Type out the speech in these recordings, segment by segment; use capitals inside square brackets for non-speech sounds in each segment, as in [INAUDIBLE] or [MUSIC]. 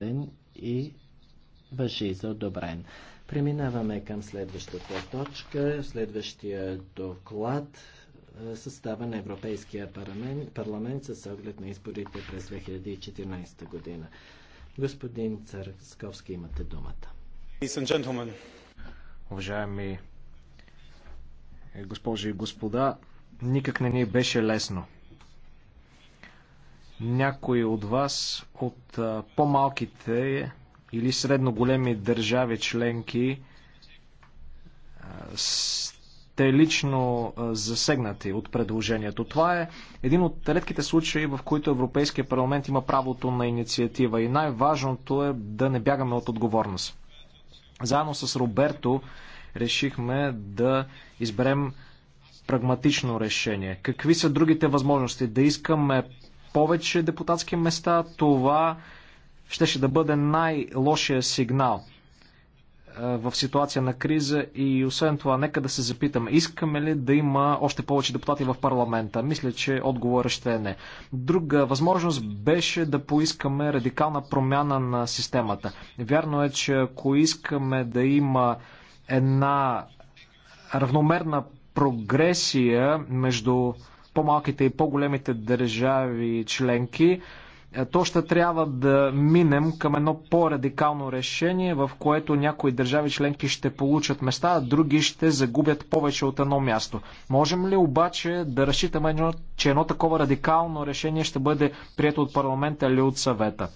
ден и въжи за одобрен. Преминаваме към следващата точка, следващия доклад е, състава на Европейския парламент, парламент с оглед на изборите през 2014 година. Господин Царсковски, имате думата. Уважаеми госпожи и господа, никак не ни беше лесно някои от вас от по-малките или средно големи държави членки сте лично засегнати от предложението. Това е един от редките случаи, в които Европейския парламент има правото на инициатива и най-важното е да не бягаме от отговорност. Заедно с Роберто решихме да изберем прагматично решение. Какви са другите възможности? Да искаме повече депутатски места, това щеше да бъде най-лошия сигнал е, в ситуация на криза и освен това, нека да се запитаме, искаме ли да има още повече депутати в парламента? Мисля, че отговорът ще е не. Друга възможност беше да поискаме радикална промяна на системата. Вярно е, че ако искаме да има една равномерна прогресия между по-малките и по-големите държави членки, е, то ще трябва да минем към едно по-радикално решение, в което някои държави членки ще получат места, а други ще загубят повече от едно място. Можем ли обаче да разчитаме, че едно такова радикално решение ще бъде прието от парламента или от съвета?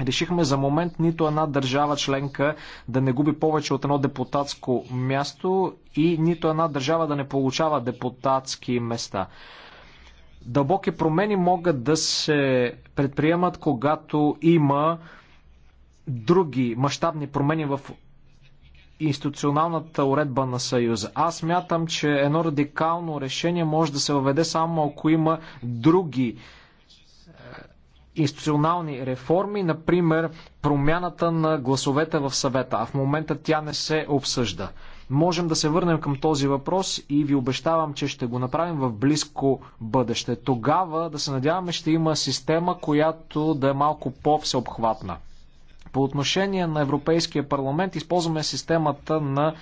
Решихме за момент нито една държава членка да не губи повече от едно депутатско място и нито една държава да не получава депутатски места. Дълбоки промени могат да се предприемат, когато има други мащабни промени в институционалната уредба на Съюза. Аз мятам, че едно радикално решение може да се въведе само ако има други е, институционални реформи, например промяната на гласовете в съвета, а в момента тя не се обсъжда. Можем да се върнем към този въпрос и ви обещавам, че ще го направим в близко бъдеще. Тогава, да се надяваме, ще има система, която да е малко по-всеобхватна. По отношение на Европейския парламент използваме системата на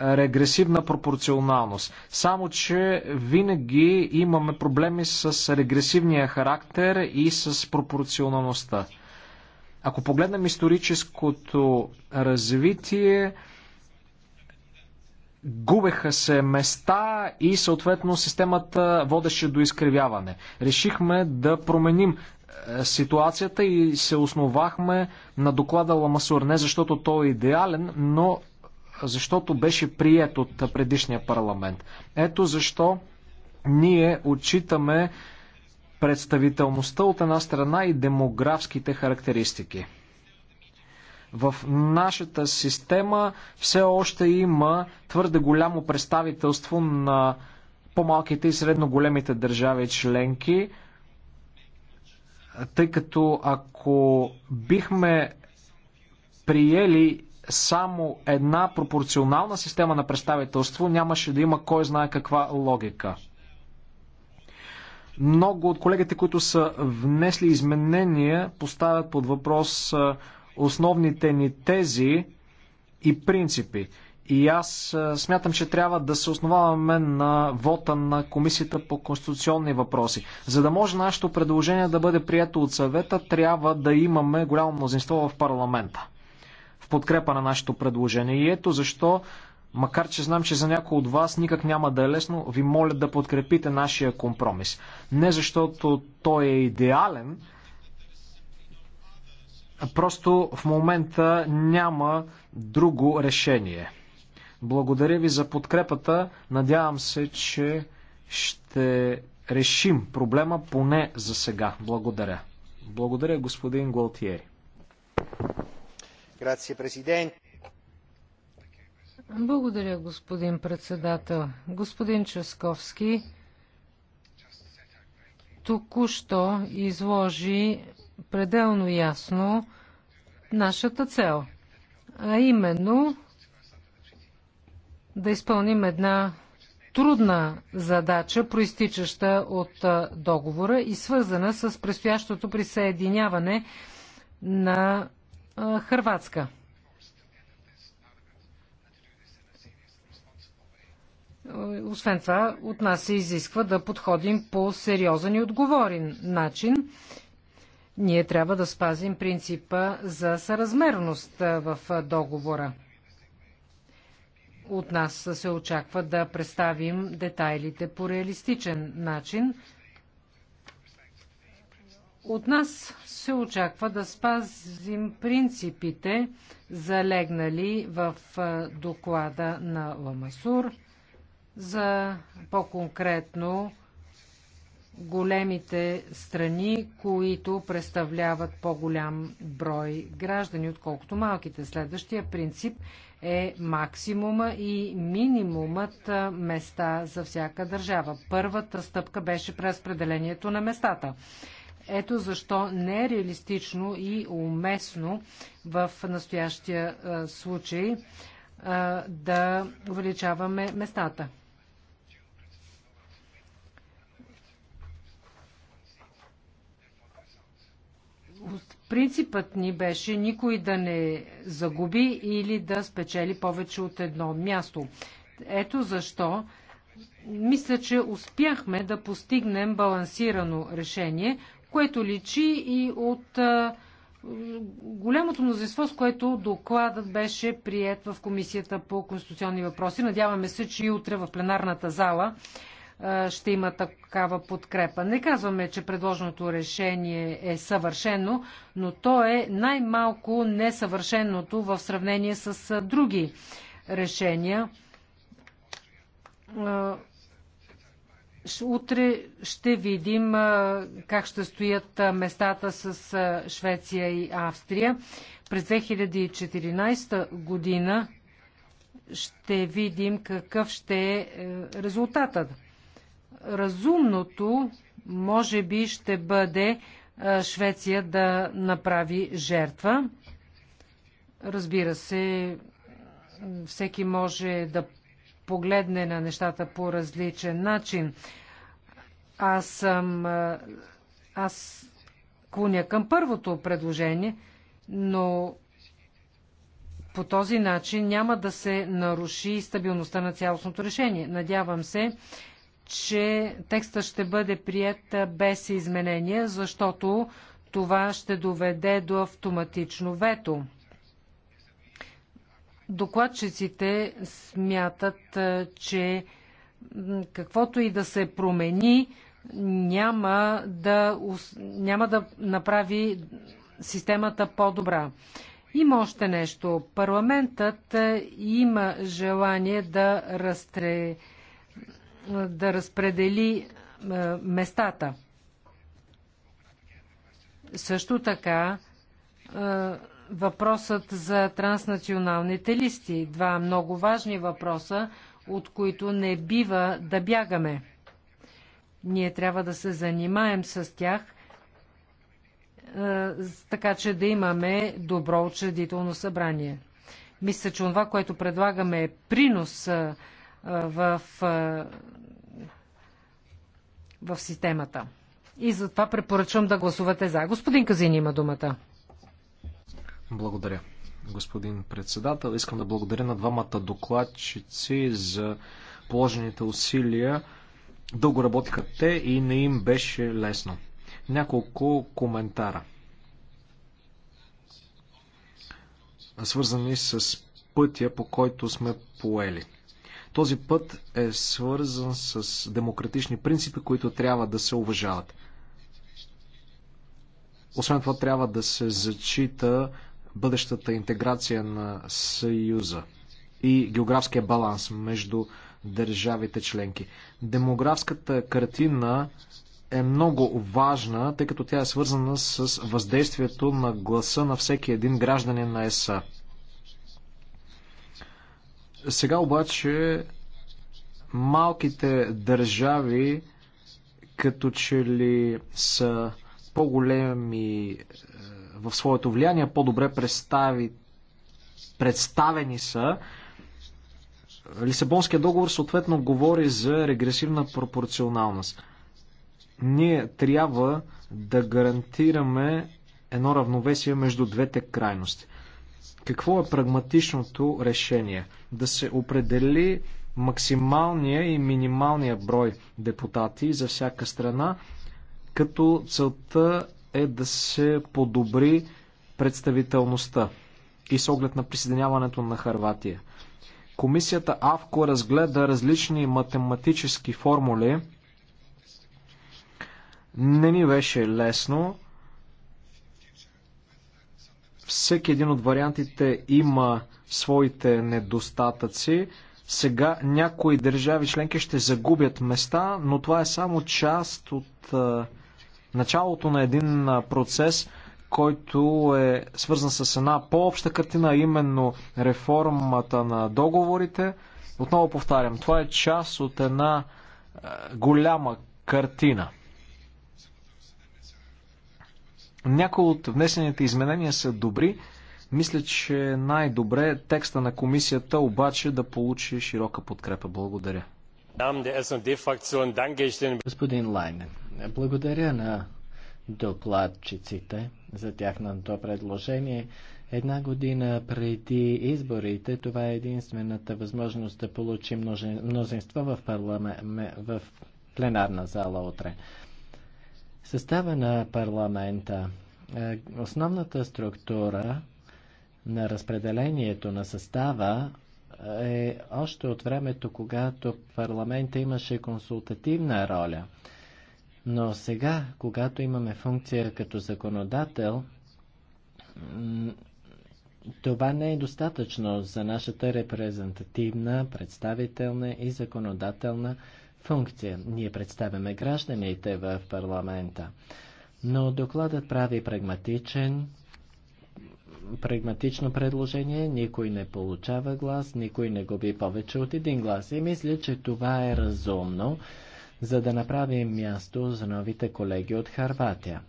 е, регресивна пропорционалност. Само, че винаги имаме проблеми с регресивния характер и с пропорционалността. Ако погледнем историческото развитие, губеха се места и съответно системата водеше до изкривяване. Решихме да променим е, ситуацията и се основахме на доклада Ламасур. Не защото той е идеален, но защото беше прият от предишния парламент. Ето защо ние отчитаме представителността от една страна и демографските характеристики. В нашата система все още има твърде голямо представителство на по-малките и средно големите държави членки, тъй като ако бихме приели само една пропорционална система на представителство, нямаше да има кой знае каква логика. Много от колегите, които са внесли изменения, поставят под въпрос основните ни тези и принципи. И аз смятам, че трябва да се основаваме на вота на Комисията по конституционни въпроси. За да може нашето предложение да бъде прието от съвета, трябва да имаме голямо мнозинство в парламента в подкрепа на нашето предложение. И ето защо, макар че знам, че за някои от вас никак няма да е лесно, ви моля да подкрепите нашия компромис. Не защото той е идеален, Просто в момента няма друго решение. Благодаря ви за подкрепата. Надявам се, че ще решим проблема поне за сега. Благодаря. Благодаря, господин Голтиери. Благодаря, господин председател. Господин Ческовски току-що изложи пределно ясно нашата цел, а именно да изпълним една трудна задача, проистичаща от договора и свързана с предстоящото присъединяване на Хрватска. Освен това, от нас се изисква да подходим по сериозен и отговорен начин ние трябва да спазим принципа за съразмерност в договора. От нас се очаква да представим детайлите по реалистичен начин. От нас се очаква да спазим принципите, залегнали в доклада на Ламасур, за по-конкретно големите страни, които представляват по-голям брой граждани, отколкото малките. Следващия принцип е максимума и минимумът места за всяка държава. Първата стъпка беше преразпределението на местата. Ето защо не е реалистично и уместно в настоящия случай да увеличаваме местата. Принципът ни беше никой да не загуби или да спечели повече от едно място. Ето защо мисля, че успяхме да постигнем балансирано решение, което личи и от голямото мнозинство, с което докладът беше прият в Комисията по конституционни въпроси. Надяваме се, че и утре в пленарната зала ще има такава подкрепа. Не казваме, че предложеното решение е съвършено, но то е най-малко несъвършеното в сравнение с други решения. Утре ще видим как ще стоят местата с Швеция и Австрия. През 2014 година ще видим какъв ще е, е резултатът разумното може би ще бъде е, Швеция да направи жертва. Разбира се, всеки може да погледне на нещата по различен начин. Аз съм. Е, аз клоня към първото предложение, но по този начин няма да се наруши стабилността на цялостното решение. Надявам се, че текста ще бъде прият без изменения, защото това ще доведе до автоматично вето. Докладчиците смятат, че каквото и да се промени, няма да, няма да направи системата по-добра. Има още нещо. Парламентът има желание да разтре да разпредели е, местата. Също така е, въпросът за транснационалните листи. Два много важни въпроса, от които не бива да бягаме. Ние трябва да се занимаем с тях, е, така че да имаме добро учредително събрание. Мисля, че това, което предлагаме е принос в, в системата. И затова препоръчвам да гласувате за. Господин Казин има думата. Благодаря, господин председател. Искам да благодаря на двамата докладчици за положените усилия. Дълго работиха те и не им беше лесно. Няколко коментара. Свързани с пътя, по който сме поели този път е свързан с демократични принципи, които трябва да се уважават. Освен това, трябва да се зачита бъдещата интеграция на Съюза и географския баланс между държавите членки. Демографската картина е много важна, тъй като тя е свързана с въздействието на гласа на всеки един гражданин на ЕСА. Сега обаче малките държави като че ли са по-големи е, в своето влияние, по-добре представи, представени са. Лисабонския договор съответно говори за регресивна пропорционалност. Ние трябва да гарантираме едно равновесие между двете крайности. Какво е прагматичното решение? Да се определи максималния и минималния брой депутати за всяка страна, като целта е да се подобри представителността и с оглед на присъединяването на Харватия. Комисията АВКО разгледа различни математически формули. Не ми беше лесно. Всеки един от вариантите има своите недостатъци. Сега някои държави членки ще загубят места, но това е само част от началото на един процес, който е свързан с една по-обща картина, именно реформата на договорите. Отново повтарям, това е част от една голяма картина. Някои от внесените изменения са добри. Мисля, че най-добре е текста на комисията обаче да получи широка подкрепа. Благодаря. Господин Лайнен, благодаря на докладчиците за тяхното предложение. Една година преди изборите, това е единствената възможност да получи множество в, парламент, в пленарна зала утре състава на парламента, е, основната структура на разпределението на състава е още от времето, когато парламента имаше консултативна роля. Но сега, когато имаме функция като законодател, това не е достатъчно за нашата репрезентативна, представителна и законодателна функция. Ние представяме гражданите в парламента. Но докладът прави прагматичен, прагматично предложение, никой не получава глас, никой не губи повече от един глас. И мисля, че това е разумно, за да направим място за новите колеги от Харватия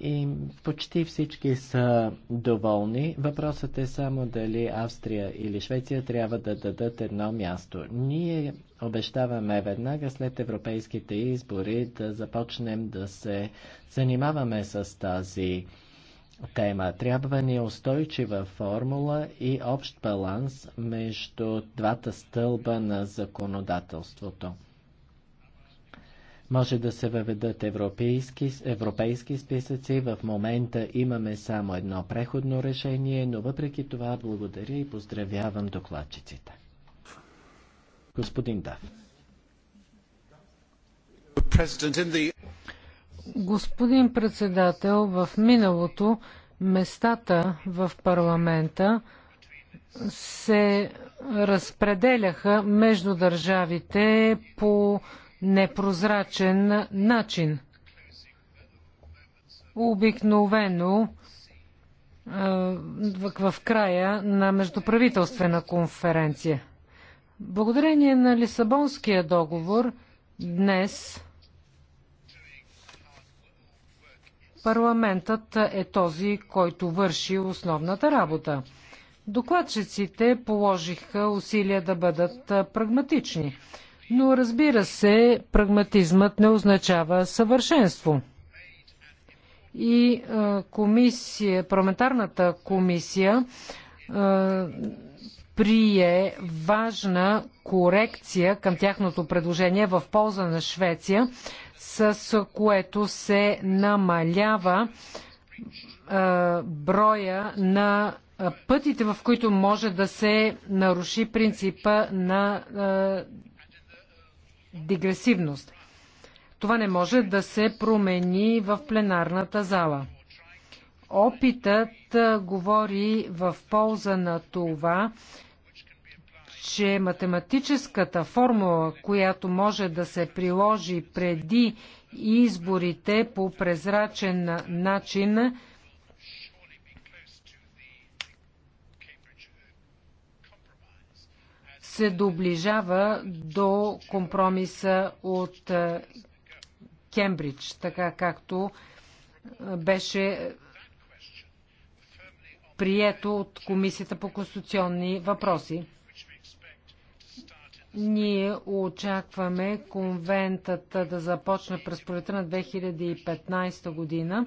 и почти всички са доволни. Въпросът е само дали Австрия или Швеция трябва да дадат едно място. Ние обещаваме веднага след европейските избори да започнем да се занимаваме с тази тема. Трябва ни устойчива формула и общ баланс между двата стълба на законодателството. Може да се въведат европейски, европейски списъци. В момента имаме само едно преходно решение, но въпреки това благодаря и поздравявам докладчиците. Господин Дав. Господин председател, в миналото местата в парламента се разпределяха между държавите по непрозрачен начин. Обикновено е, в края на междуправителствена конференция. Благодарение на Лисабонския договор днес парламентът е този, който върши основната работа. Докладчиците положиха усилия да бъдат е, прагматични. Но разбира се, прагматизмът не означава съвършенство. И комисия, парламентарната комисия прие важна корекция към тяхното предложение в полза на Швеция, с което се намалява броя на пътите, в които може да се наруши принципа на дигресивност. Това не може да се промени в пленарната зала. Опитът говори в полза на това, че математическата формула, която може да се приложи преди изборите по презрачен начин, се доближава до компромиса от е, Кембридж, така както е, беше прието от Комисията по конституционни въпроси. Ние очакваме конвентът да започне през пролета на 2015 година. Е,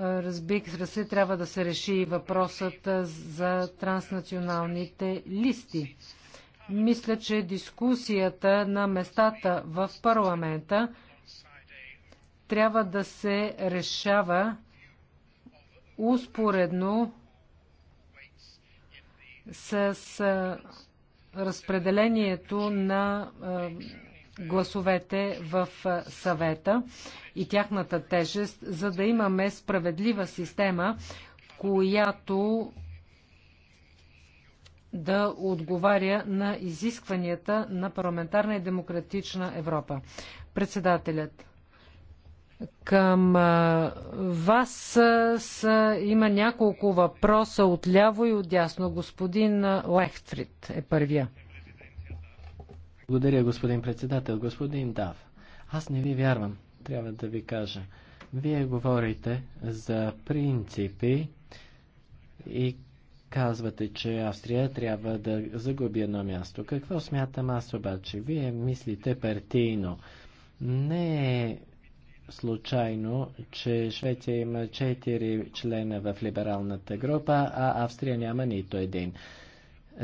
разбира се, трябва да се реши въпросът за транснационалните листи. Мисля, че дискусията на местата в парламента трябва да се решава успоредно с разпределението на гласовете в съвета и тяхната тежест, за да имаме справедлива система, която да отговаря на изискванията на парламентарна и демократична Европа. Председателят. Към вас са, има няколко въпроса от ляво и от дясно. Господин Лехтрид е първия. Благодаря, господин председател. Господин Дав, аз не ви вярвам, трябва да ви кажа. Вие говорите за принципи и Казвате, че Австрия трябва да загуби едно място. Какво смятам аз обаче? Вие мислите партийно. Не е случайно, че Швеция има 4 члена в либералната група, а Австрия няма нито един.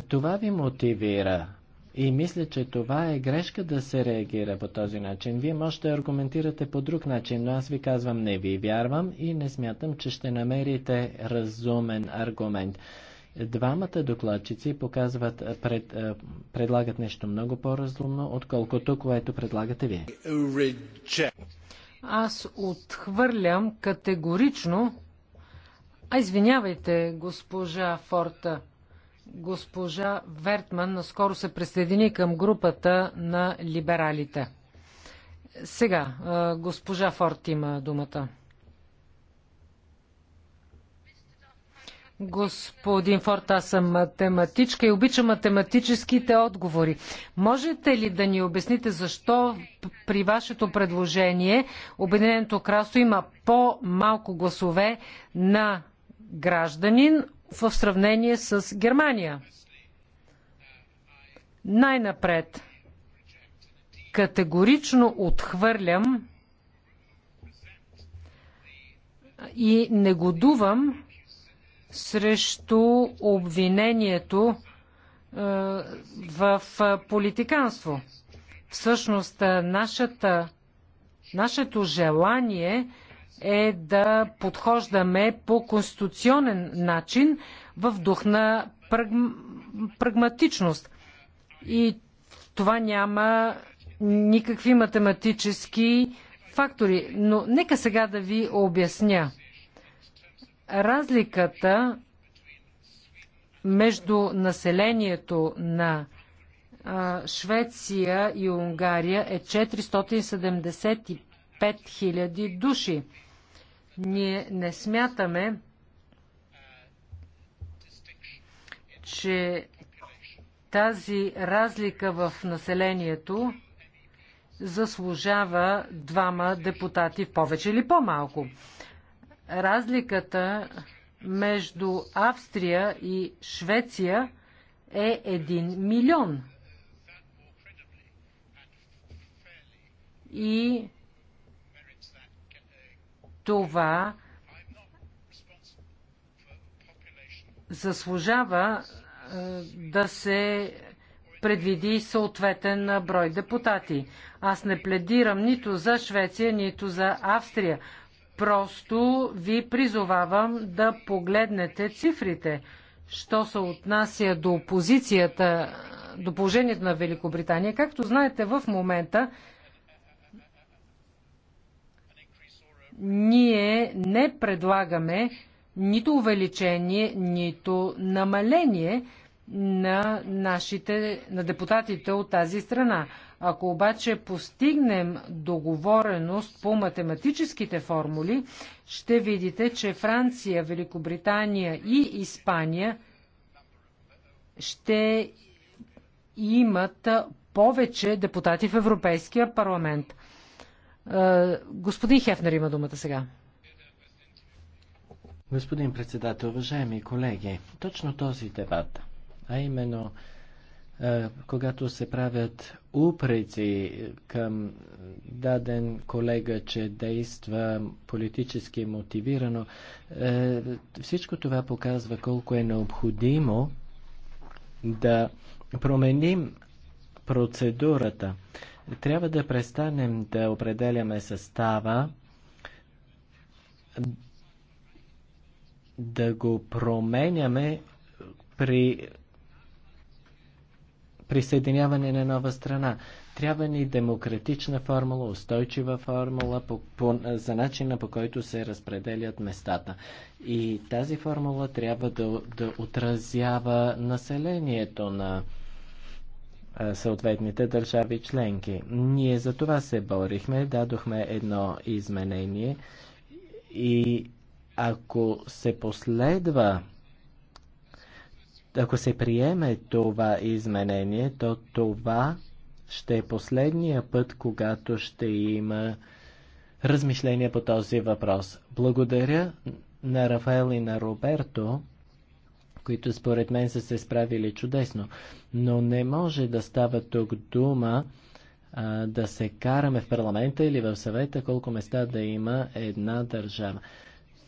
Това ви мотивира. И мисля, че това е грешка да се реагира по този начин. Вие можете да аргументирате по друг начин, но аз ви казвам не ви вярвам и не смятам, че ще намерите разумен аргумент. Двамата докладчици показват, пред, предлагат нещо много по-разумно, отколкото което предлагате вие. Аз отхвърлям категорично. А извинявайте, госпожа Форта. Госпожа Вертман наскоро се присъедини към групата на либералите. Сега, госпожа Форт има думата. Господин Форт, аз съм математичка и обичам математическите отговори. Можете ли да ни обясните защо при вашето предложение Обединеното красо има по-малко гласове на гражданин в сравнение с Германия? Най-напред, категорично отхвърлям и негодувам срещу обвинението е, в е, политиканство. Всъщност, е, нашата, нашето желание е да подхождаме по конституционен начин в дух на прагматичност. И това няма никакви математически фактори. Но нека сега да ви обясня. Разликата между населението на Швеция и Унгария е 475 000 души. Ние не смятаме, че тази разлика в населението заслужава двама депутати в повече или по-малко. Разликата между Австрия и Швеция е 1 милион. И това заслужава е, да се предвиди съответен брой депутати. Аз не пледирам нито за Швеция, нито за Австрия. Просто ви призовавам да погледнете цифрите. Що се отнася до позицията, до положението на Великобритания, както знаете в момента, ние не предлагаме нито увеличение, нито намаление на, нашите, на депутатите от тази страна. Ако обаче постигнем договореност по математическите формули, ще видите, че Франция, Великобритания и Испания ще имат повече депутати в Европейския парламент. Е, господин Хефнер има думата сега. Господин председател, уважаеми колеги, точно този дебат, а именно когато се правят упреци към даден колега, че действа политически мотивирано, е, всичко това показва колко е необходимо да променим процедурата. Трябва да престанем да определяме състава, да го променяме при присъединяване на нова страна. Трябва ни демократична формула, устойчива формула по, по, за начина по който се разпределят местата. И тази формула трябва да, да отразява населението на съответните държави членки. Ние за това се борихме, дадохме едно изменение и ако се последва ако се приеме това изменение, то това ще е последния път, когато ще има размишления по този въпрос. Благодаря на Рафаел и на Роберто, които според мен са се справили чудесно, но не може да става тук дума а, да се караме в парламента или в съвета колко места да има една държава.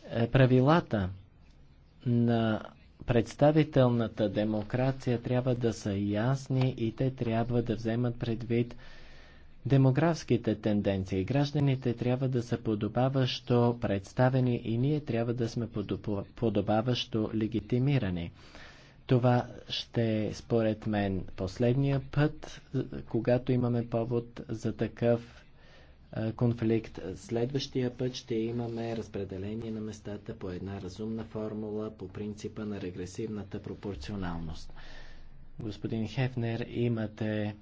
Е, правилата на представителната демокрация трябва да са ясни и те трябва да вземат предвид демографските тенденции. Гражданите трябва да са подобаващо представени и ние трябва да сме подобаващо легитимирани. Това ще е, според мен, последния път, когато имаме повод за такъв конфликт. Следващия път ще имаме разпределение на местата по една разумна формула по принципа на регресивната пропорционалност. Господин Хефнер, имате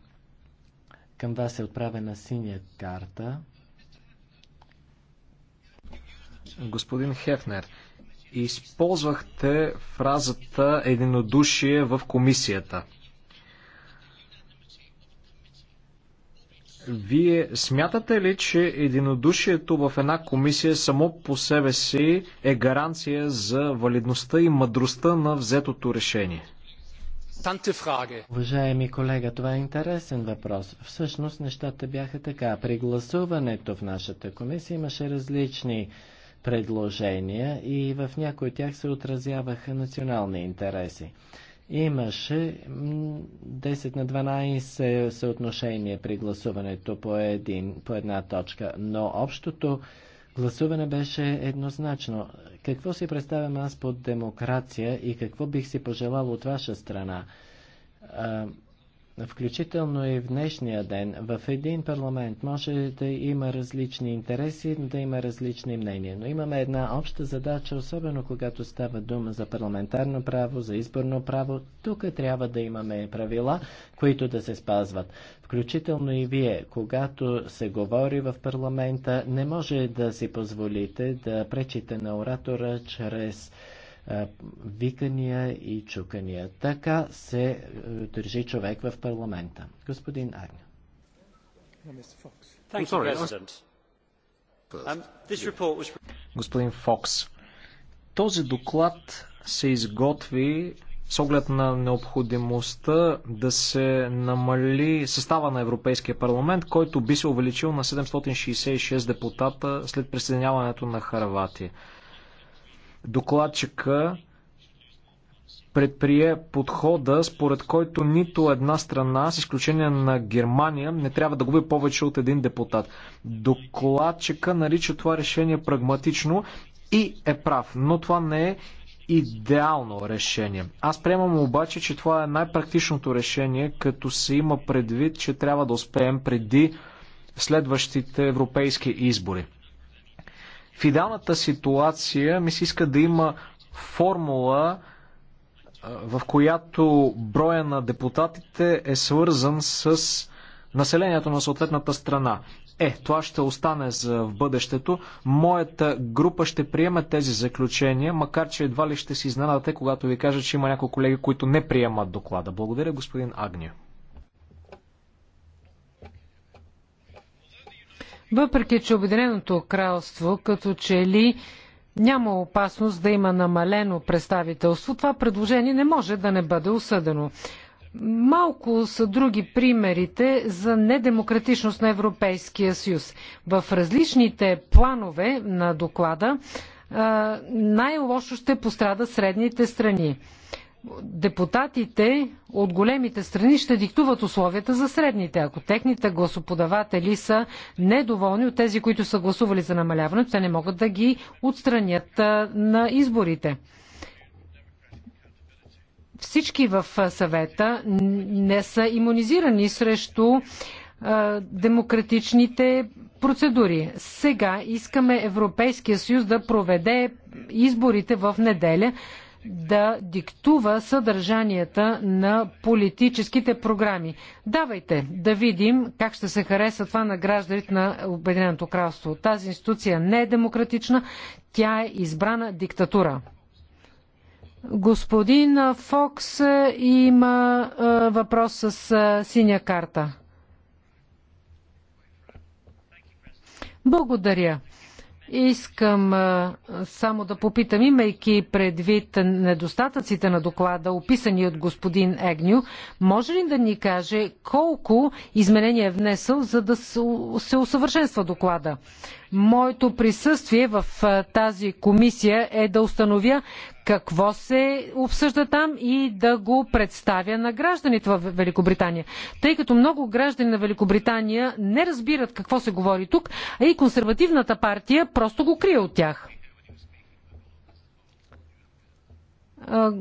към вас е отправена синя карта. Господин Хефнер, използвахте фразата единодушие в комисията. Вие смятате ли, че единодушието в една комисия само по себе си е гаранция за валидността и мъдростта на взетото решение? Уважаеми колега, това е интересен въпрос. Всъщност нещата бяха така. При гласуването в нашата комисия имаше различни предложения и в някои от тях се отразяваха национални интереси. Имаше 10 на 12 съотношение при гласуването по, един, по една точка, но общото гласуване беше еднозначно. Какво си представям аз под демокрация и какво бих си пожелал от ваша страна? включително и в днешния ден, в един парламент може да има различни интереси, да има различни мнения, но имаме една обща задача, особено когато става дума за парламентарно право, за изборно право. Тук трябва да имаме правила, които да се спазват. Включително и вие, когато се говори в парламента, не може да си позволите да пречите на оратора чрез викания и чукания. Така се е, държи човек в парламента. Господин Агня. Um, Господин Фокс, този доклад се изготви с оглед на необходимостта да се намали състава на Европейския парламент, който би се увеличил на 766 депутата след присъединяването на Харватия. Докладчика предприе подхода, според който нито една страна, с изключение на Германия, не трябва да губи повече от един депутат. Докладчика нарича това решение прагматично и е прав, но това не е идеално решение. Аз приемам обаче, че това е най-практичното решение, като се има предвид, че трябва да успеем преди следващите европейски избори. В идеалната ситуация ми се иска да има формула, в която броя на депутатите е свързан с населението на съответната страна. Е, това ще остане за в бъдещето. Моята група ще приеме тези заключения, макар че едва ли ще си изненадате, когато ви кажа, че има някои колеги, които не приемат доклада. Благодаря, господин Агния. Въпреки, че Обединеното кралство като че ли няма опасност да има намалено представителство, това предложение не може да не бъде осъдено. Малко са други примерите за недемократичност на Европейския съюз. В различните планове на доклада най-лошо ще пострада средните страни депутатите от големите страни ще диктуват условията за средните. Ако техните гласоподаватели са недоволни от тези, които са гласували за намаляването, те не могат да ги отстранят на изборите. Всички в съвета не са иммунизирани срещу демократичните процедури. Сега искаме Европейския съюз да проведе изборите в неделя, да диктува съдържанията на политическите програми. Давайте да видим как ще се хареса това на гражданите на Обединеното кралство. Тази институция не е демократична, тя е избрана диктатура. Господин Фокс има въпрос с синя карта. Благодаря. Искам само да попитам, имайки предвид недостатъците на доклада, описани от господин Егню, може ли да ни каже колко изменения е внесъл, за да се усъвършенства доклада? Моето присъствие в тази комисия е да установя какво се обсъжда там и да го представя на гражданите в Великобритания. Тъй като много граждани на Великобритания не разбират какво се говори тук, а и консервативната партия просто го крие от тях.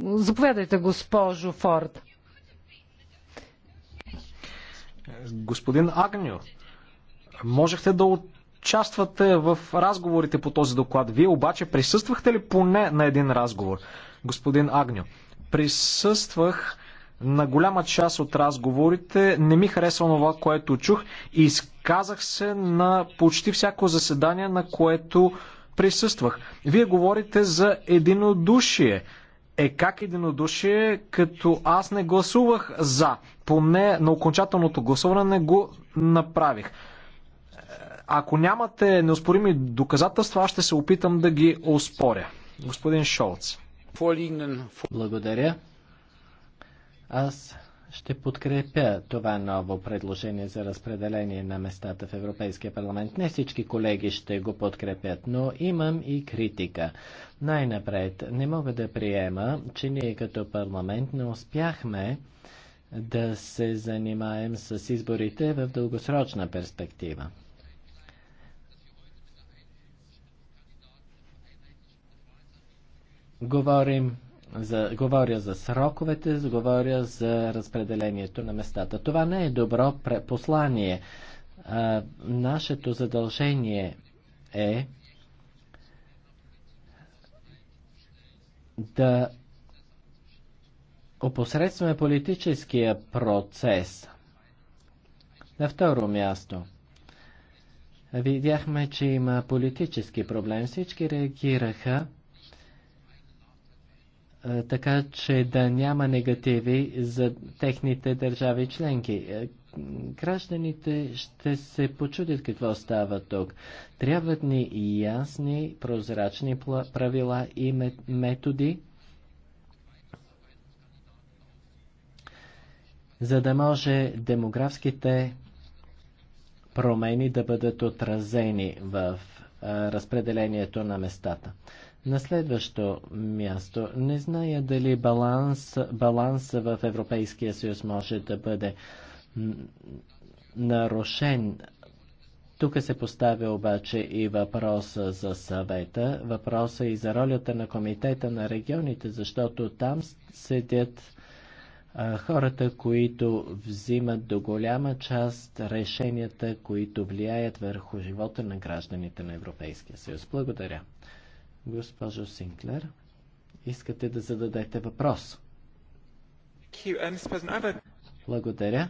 Заповядайте, госпожо Форд. Господин Агню, можехте да участвате в разговорите по този доклад. Вие обаче присъствахте ли поне на един разговор, господин Агньо? Присъствах на голяма част от разговорите. Не ми харесва това, което чух. и Изказах се на почти всяко заседание, на което присъствах. Вие говорите за единодушие. Е как единодушие, като аз не гласувах за? Поне на окончателното гласуване не го направих. Ако нямате неоспорими доказателства, аз ще се опитам да ги оспоря. Господин Шолц. Благодаря. Аз ще подкрепя това ново предложение за разпределение на местата в Европейския парламент. Не всички колеги ще го подкрепят, но имам и критика. Най-напред, не мога да приема, че ние като парламент не успяхме да се занимаем с изборите в дългосрочна перспектива. Говорим за, говоря за сроковете, говоря за разпределението на местата. Това не е добро послание. А, нашето задължение е да опосредстваме политическия процес. На второ място, видяхме, че има политически проблем. Всички реагираха така че да няма негативи за техните държави членки. Гражданите ще се почудят какво става тук. Трябват ни ясни, прозрачни правила и методи, за да може демографските промени да бъдат отразени в разпределението на местата. На следващо място, не зная дали баланс, баланс в Европейския съюз може да бъде нарушен. Тук се поставя обаче и въпроса за съвета, въпроса и за ролята на комитета на регионите, защото там седят а, хората, които взимат до голяма част решенията, които влияят върху живота на гражданите на Европейския съюз. Благодаря. Госпожо Синклер, искате да зададете въпрос? Uh, Благодаря.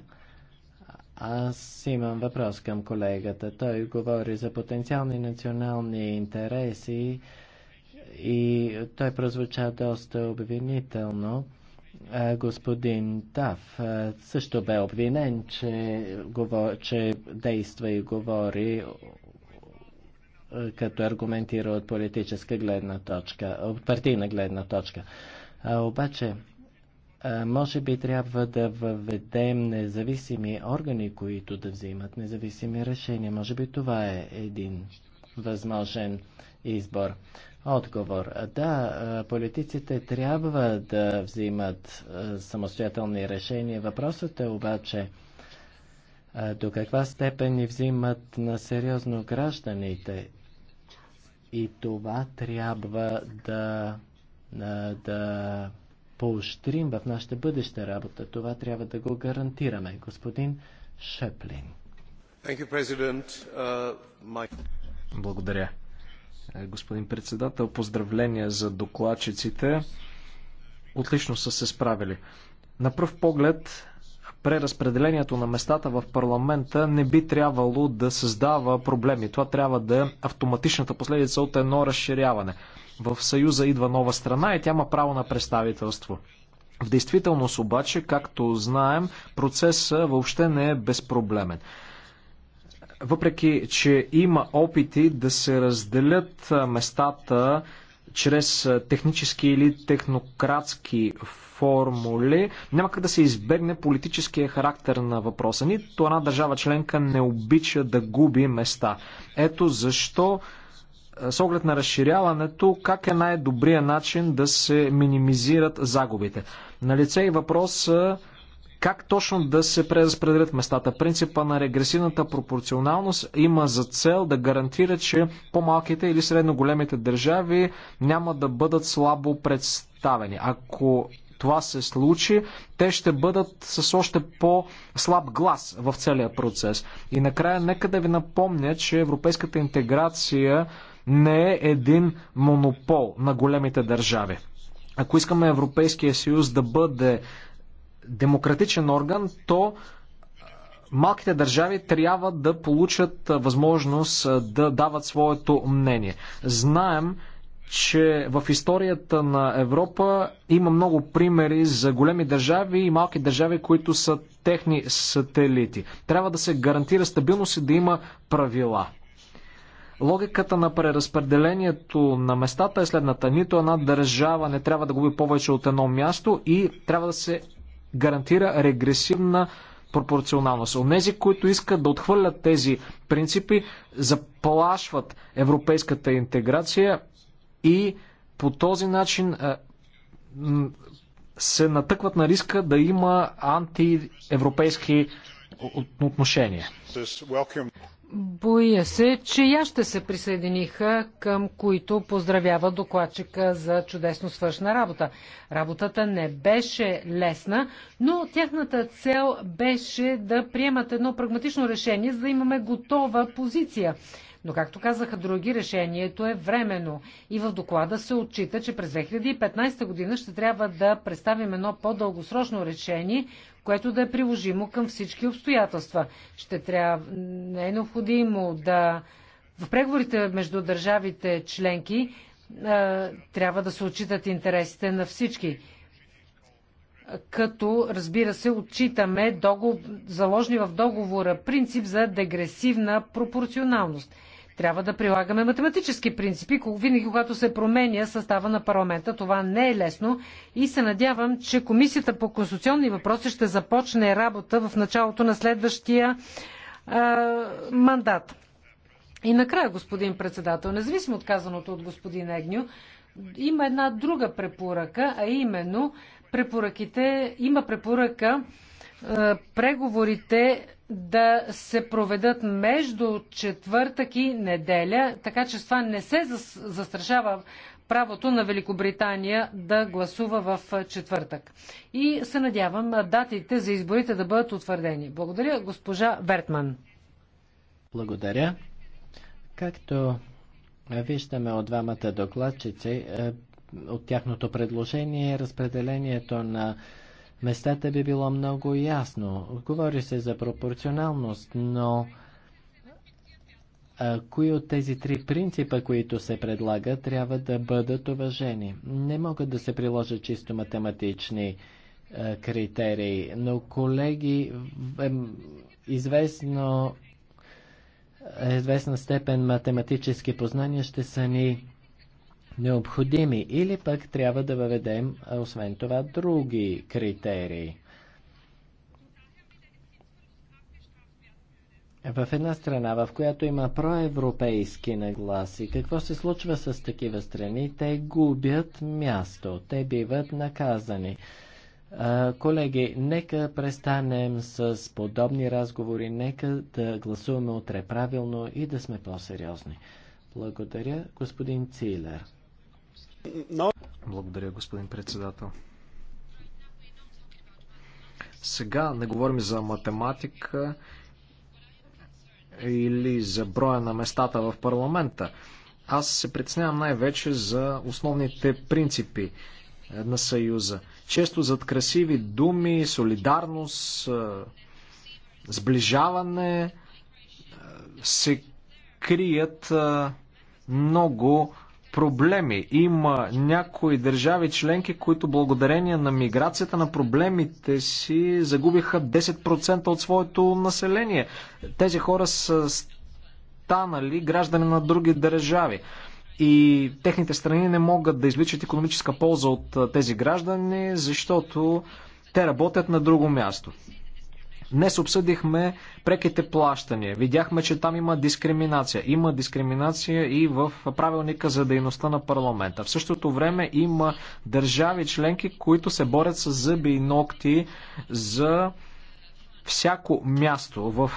Аз имам въпрос към колегата. Той говори за потенциални национални интереси и той прозвуча доста обвинително. Господин Тав също бе обвинен, че, че действа и говори като аргументира от политическа гледна точка, от партийна гледна точка. А, обаче, а, може би трябва да въведем независими органи, които да взимат независими решения. Може би това е един възможен избор. Отговор. Да, политиците трябва да взимат самостоятелни решения. Въпросът е обаче до каква степен ни взимат на сериозно гражданите и това трябва да, да поощрим в нашата бъдеща работа. Това трябва да го гарантираме. Господин Шеплин. Uh, Благодаря. Е, господин председател, поздравления за докладчиците. Отлично са се справили. На пръв поглед преразпределението на местата в парламента не би трябвало да създава проблеми. Това трябва да е автоматичната последица от едно разширяване. В Съюза идва нова страна и тя има право на представителство. В действителност обаче, както знаем, процесът въобще не е безпроблемен. Въпреки, че има опити да се разделят местата чрез технически или технократски формули. Няма как да се избегне политическия характер на въпроса. Нито една държава членка не обича да губи места. Ето защо е, с оглед на разширяването, как е най-добрият начин да се минимизират загубите. На лице е и въпрос е, как точно да се преразпределят местата. Принципа на регресивната пропорционалност има за цел да гарантира, че по-малките или средно големите държави няма да бъдат слабо представени. Ако това се случи, те ще бъдат с още по-слаб глас в целия процес. И накрая нека да ви напомня, че европейската интеграция не е един монопол на големите държави. Ако искаме Европейския съюз да бъде демократичен орган, то малките държави трябва да получат възможност да дават своето мнение. Знаем, че в историята на Европа има много примери за големи държави и малки държави, които са техни сателити. Трябва да се гарантира стабилност и да има правила. Логиката на преразпределението на местата е следната. Нито една държава не трябва да губи повече от едно място и трябва да се гарантира регресивна пропорционалност. Онези, които искат да отхвърлят тези принципи, заплашват европейската интеграция и по този начин е, се натъкват на риска да има антиевропейски отношения. Боя се, че я ще се присъединиха, към които поздравява докладчика за чудесно свършна работа. Работата не беше лесна, но тяхната цел беше да приемат едно прагматично решение, за да имаме готова позиция. Но, както казаха други, решението е временно. И в доклада се отчита, че през 2015 година ще трябва да представим едно по-дългосрочно решение, което да е приложимо към всички обстоятелства. Ще трябва... Не е необходимо да... В преговорите между държавите членки трябва да се отчитат интересите на всички. Като, разбира се, отчитаме догов... заложни в договора принцип за дегресивна пропорционалност. Трябва да прилагаме математически принципи, винаги когато се променя състава на парламента. Това не е лесно и се надявам, че Комисията по конституционни въпроси ще започне работа в началото на следващия а, мандат. И накрая, господин председател, независимо от казаното от господин Егню, има една друга препоръка, а именно препоръките, има препоръка преговорите да се проведат между четвъртък и неделя, така че с това не се застрашава правото на Великобритания да гласува в четвъртък. И се надявам датите за изборите да бъдат утвърдени. Благодаря, госпожа Бертман. Благодаря. Както виждаме от двамата докладчици, е, от тяхното предложение разпределението на местата би било много ясно. Говори се за пропорционалност, но кои от тези три принципа, които се предлагат, трябва да бъдат уважени. Не могат да се приложат чисто математични а, критерии, но колеги, е, известно, известна степен математически познания ще са ни необходими. Или пък трябва да въведем, освен това, други критерии. В една страна, в която има проевропейски нагласи, какво се случва с такива страни? Те губят място, те биват наказани. Колеги, нека престанем с подобни разговори, нека да гласуваме утре правилно и да сме по-сериозни. Благодаря, господин Цилер. Благодаря, господин председател. Сега не говорим за математика или за броя на местата в парламента. Аз се притеснявам най-вече за основните принципи на Съюза. Често зад красиви думи, солидарност, е, сближаване е, се крият е, много проблеми. Има някои държави членки, които благодарение на миграцията на проблемите си загубиха 10% от своето население. Тези хора са станали граждани на други държави и техните страни не могат да извличат економическа полза от тези граждани, защото те работят на друго място. Днес обсъдихме преките плащания. Видяхме, че там има дискриминация. Има дискриминация и в правилника за дейността на парламента. В същото време има държави членки, които се борят с зъби и ногти за всяко място в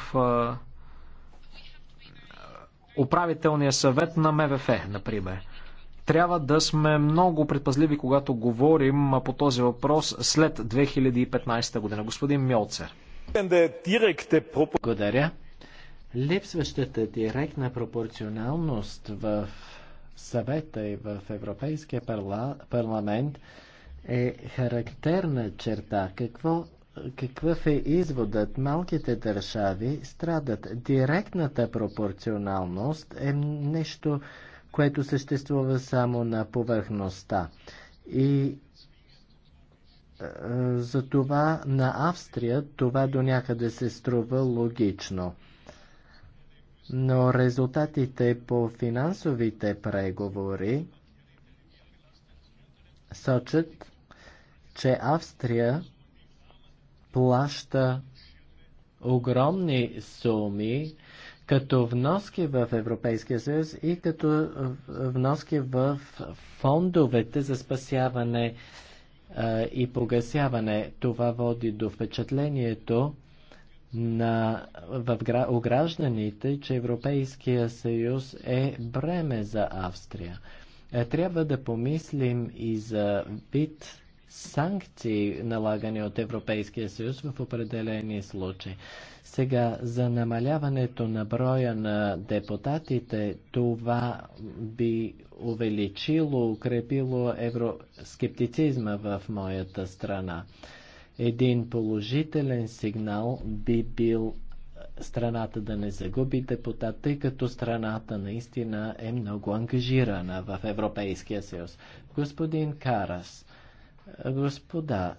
управителния съвет на МВФ, например. Трябва да сме много предпазливи, когато говорим по този въпрос след 2015 година. Господин Мьолцер. Благодаря. Липсващата директна пропорционалност в съвета и в Европейския парла... парламент е характерна черта. Какво, какъв е изводът? Малките държави страдат. Директната пропорционалност е нещо, което съществува само на повърхността. И за това на Австрия това до някъде се струва логично. Но резултатите по финансовите преговори сочат, че Австрия плаща огромни суми като вноски в Европейския съюз и като вноски в фондовете за спасяване и погасяване. Това води до впечатлението на, в, у гражданите, че Европейския съюз е бреме за Австрия. Е, трябва да помислим и за вид санкции, налагани от Европейския съюз в определени случаи. Сега, за намаляването на броя на депутатите, това би увеличило, укрепило евроскептицизма в моята страна. Един положителен сигнал би бил страната да не загуби депутат, тъй като страната наистина е много ангажирана в Европейския съюз. Господин Карас, Господа,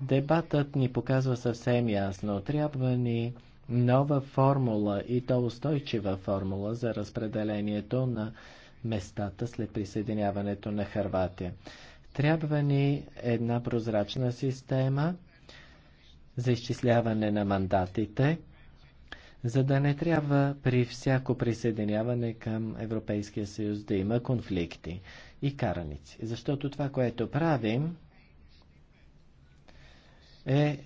дебатът ни показва съвсем ясно. Трябва ни нова формула и то устойчива формула за разпределението на местата след присъединяването на Харватия. Трябва ни една прозрачна система за изчисляване на мандатите, за да не трябва при всяко присъединяване към Европейския съюз да има конфликти и караници. Защото това, което правим, е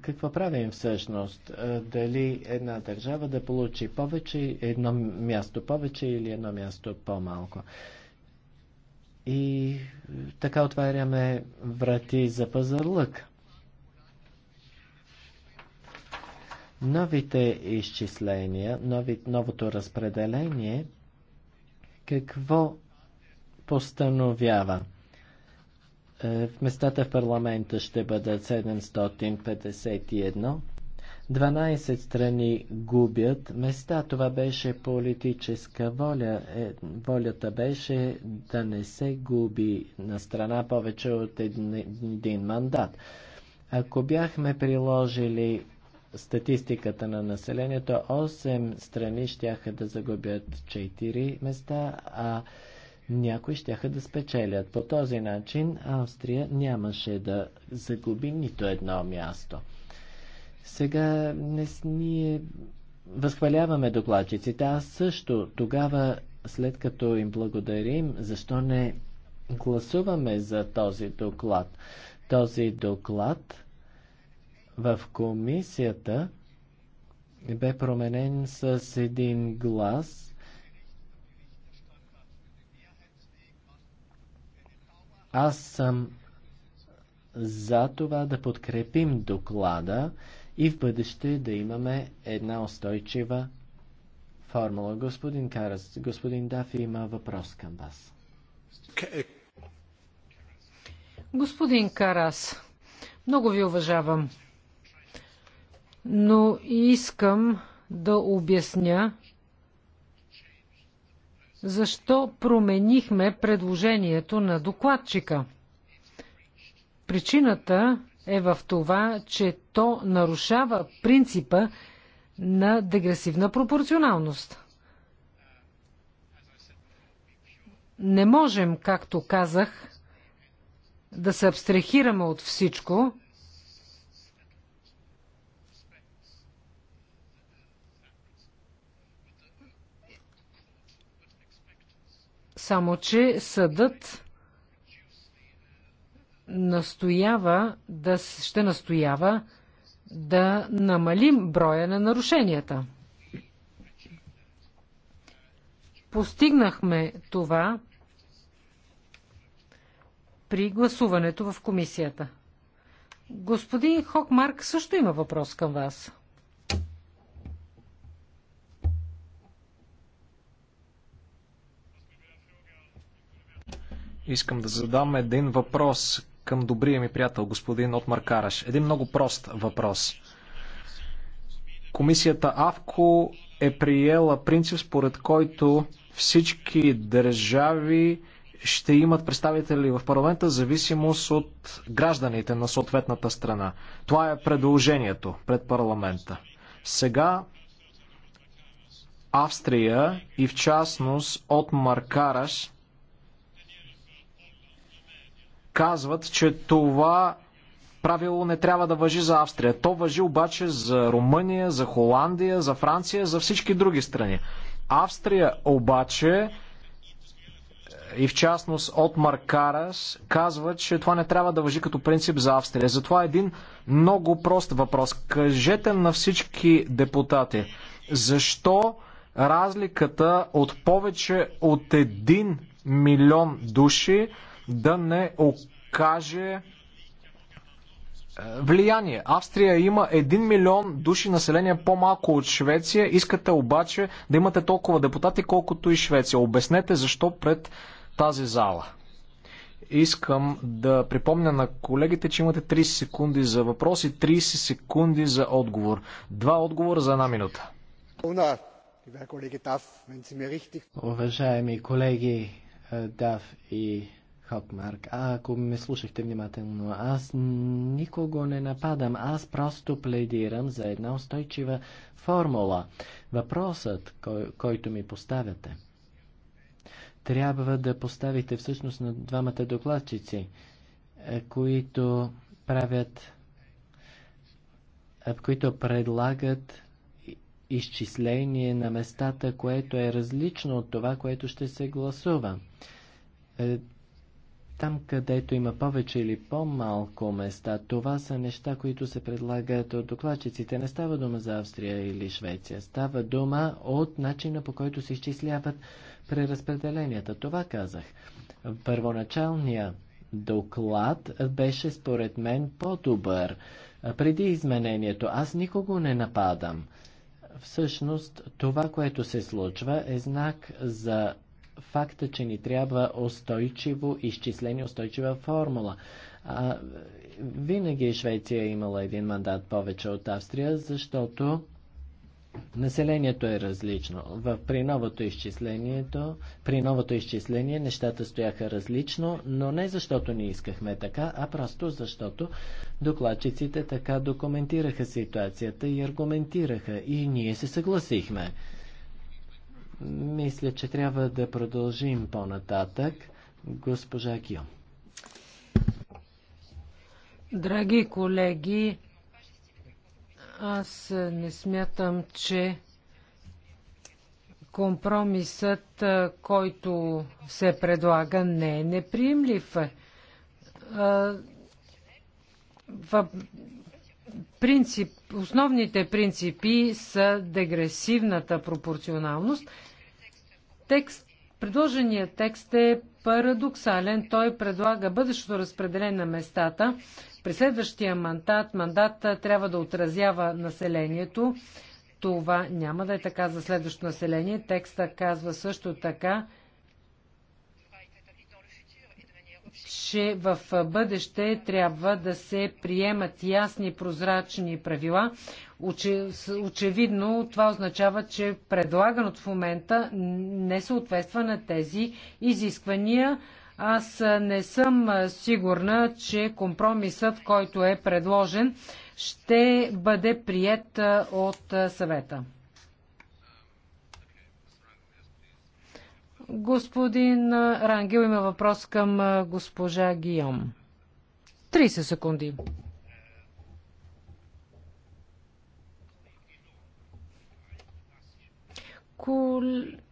какво правим всъщност? Е, дали една държава да получи повече, едно място повече или едно място по-малко? И така отваряме врати за пазарлък. Новите изчисления, нови, новото разпределение, какво постановява? Е, местата в парламента ще бъдат 751. 12 страни губят места. Това беше политическа воля. Е, волята беше да не се губи на страна повече от един, един мандат. Ако бяхме приложили статистиката на населението, 8 страни щяха да загубят 4 места, а някои ще да спечелят. По този начин Австрия нямаше да загуби нито едно място. Сега не, ние възхваляваме докладчиците. Аз също тогава, след като им благодарим, защо не гласуваме за този доклад? Този доклад в комисията бе променен с един глас – Аз съм за това да подкрепим доклада и в бъдеще да имаме една устойчива формула. Господин Карас, господин Дафи има въпрос към вас. Господин Карас, много ви уважавам, но искам да обясня защо променихме предложението на докладчика? Причината е в това, че то нарушава принципа на дегресивна пропорционалност. Не можем, както казах, да се абстрахираме от всичко Само, че съдът настоява да, ще настоява да намалим броя на нарушенията. Постигнахме това при гласуването в комисията. Господин Хокмарк също има въпрос към вас. Искам да задам един въпрос към добрия ми приятел, господин Отмар Караш. Един много прост въпрос. Комисията АВКО е приела принцип, според който всички държави ще имат представители в парламента, зависимост от гражданите на съответната страна. Това е предложението пред парламента. Сега Австрия и в частност от Маркараш казват, че това правило не трябва да въжи за Австрия. То въжи обаче за Румъния, за Холандия, за Франция, за всички други страни. Австрия обаче и в частност от Маркарас казва, че това не трябва да въжи като принцип за Австрия. Затова е един много прост въпрос. Кажете на всички депутати, защо разликата от повече от един милион души да не окаже е, влияние. Австрия има 1 милион души население по-малко от Швеция. Искате обаче да имате толкова депутати, колкото и Швеция. Обяснете защо пред тази зала. Искам да припомня на колегите, че имате 30 секунди за въпрос и 30 секунди за отговор. Два отговора за една минута. Уважаеми колеги е е, Дав и Хокмарк, а ако ме слушахте внимателно, аз никого не нападам, аз просто пледирам за една устойчива формула. Въпросът, кой, който ми поставяте, трябва да поставите всъщност на двамата докладчици, е, които правят, е, които предлагат изчисление на местата, което е различно от това, което ще се гласува. Е, там, където има повече или по-малко места, това са неща, които се предлагат от докладчиците. Не става дума за Австрия или Швеция. Става дума от начина по който се изчисляват преразпределенията. Това казах. Първоначалният доклад беше според мен по-добър. Преди изменението аз никого не нападам. Всъщност това, което се случва е знак за факта, че ни трябва устойчиво изчисление, устойчива формула. А, винаги Швеция е имала един мандат повече от Австрия, защото населението е различно. В, при, новото изчислението, при новото изчисление нещата стояха различно, но не защото не искахме така, а просто защото докладчиците така документираха ситуацията и аргументираха и ние се съгласихме. Мисля, че трябва да продължим по-нататък. Госпожа Кио. Драги колеги, аз не смятам, че компромисът, който се предлага, не е неприемлив. В принцип, основните принципи са дегресивната пропорционалност Текст, предложеният текст е парадоксален. Той предлага бъдещото разпределение на местата. При следващия мандат, мандат трябва да отразява населението. Това няма да е така за следващото население. Текста казва също така, че в бъдеще трябва да се приемат ясни прозрачни правила. Очевидно това означава, че предлаганото в момента не съответства на тези изисквания. Аз не съм сигурна, че компромисът, който е предложен, ще бъде прият от съвета. Господин Рангел има въпрос към госпожа Гиом. 30 секунди.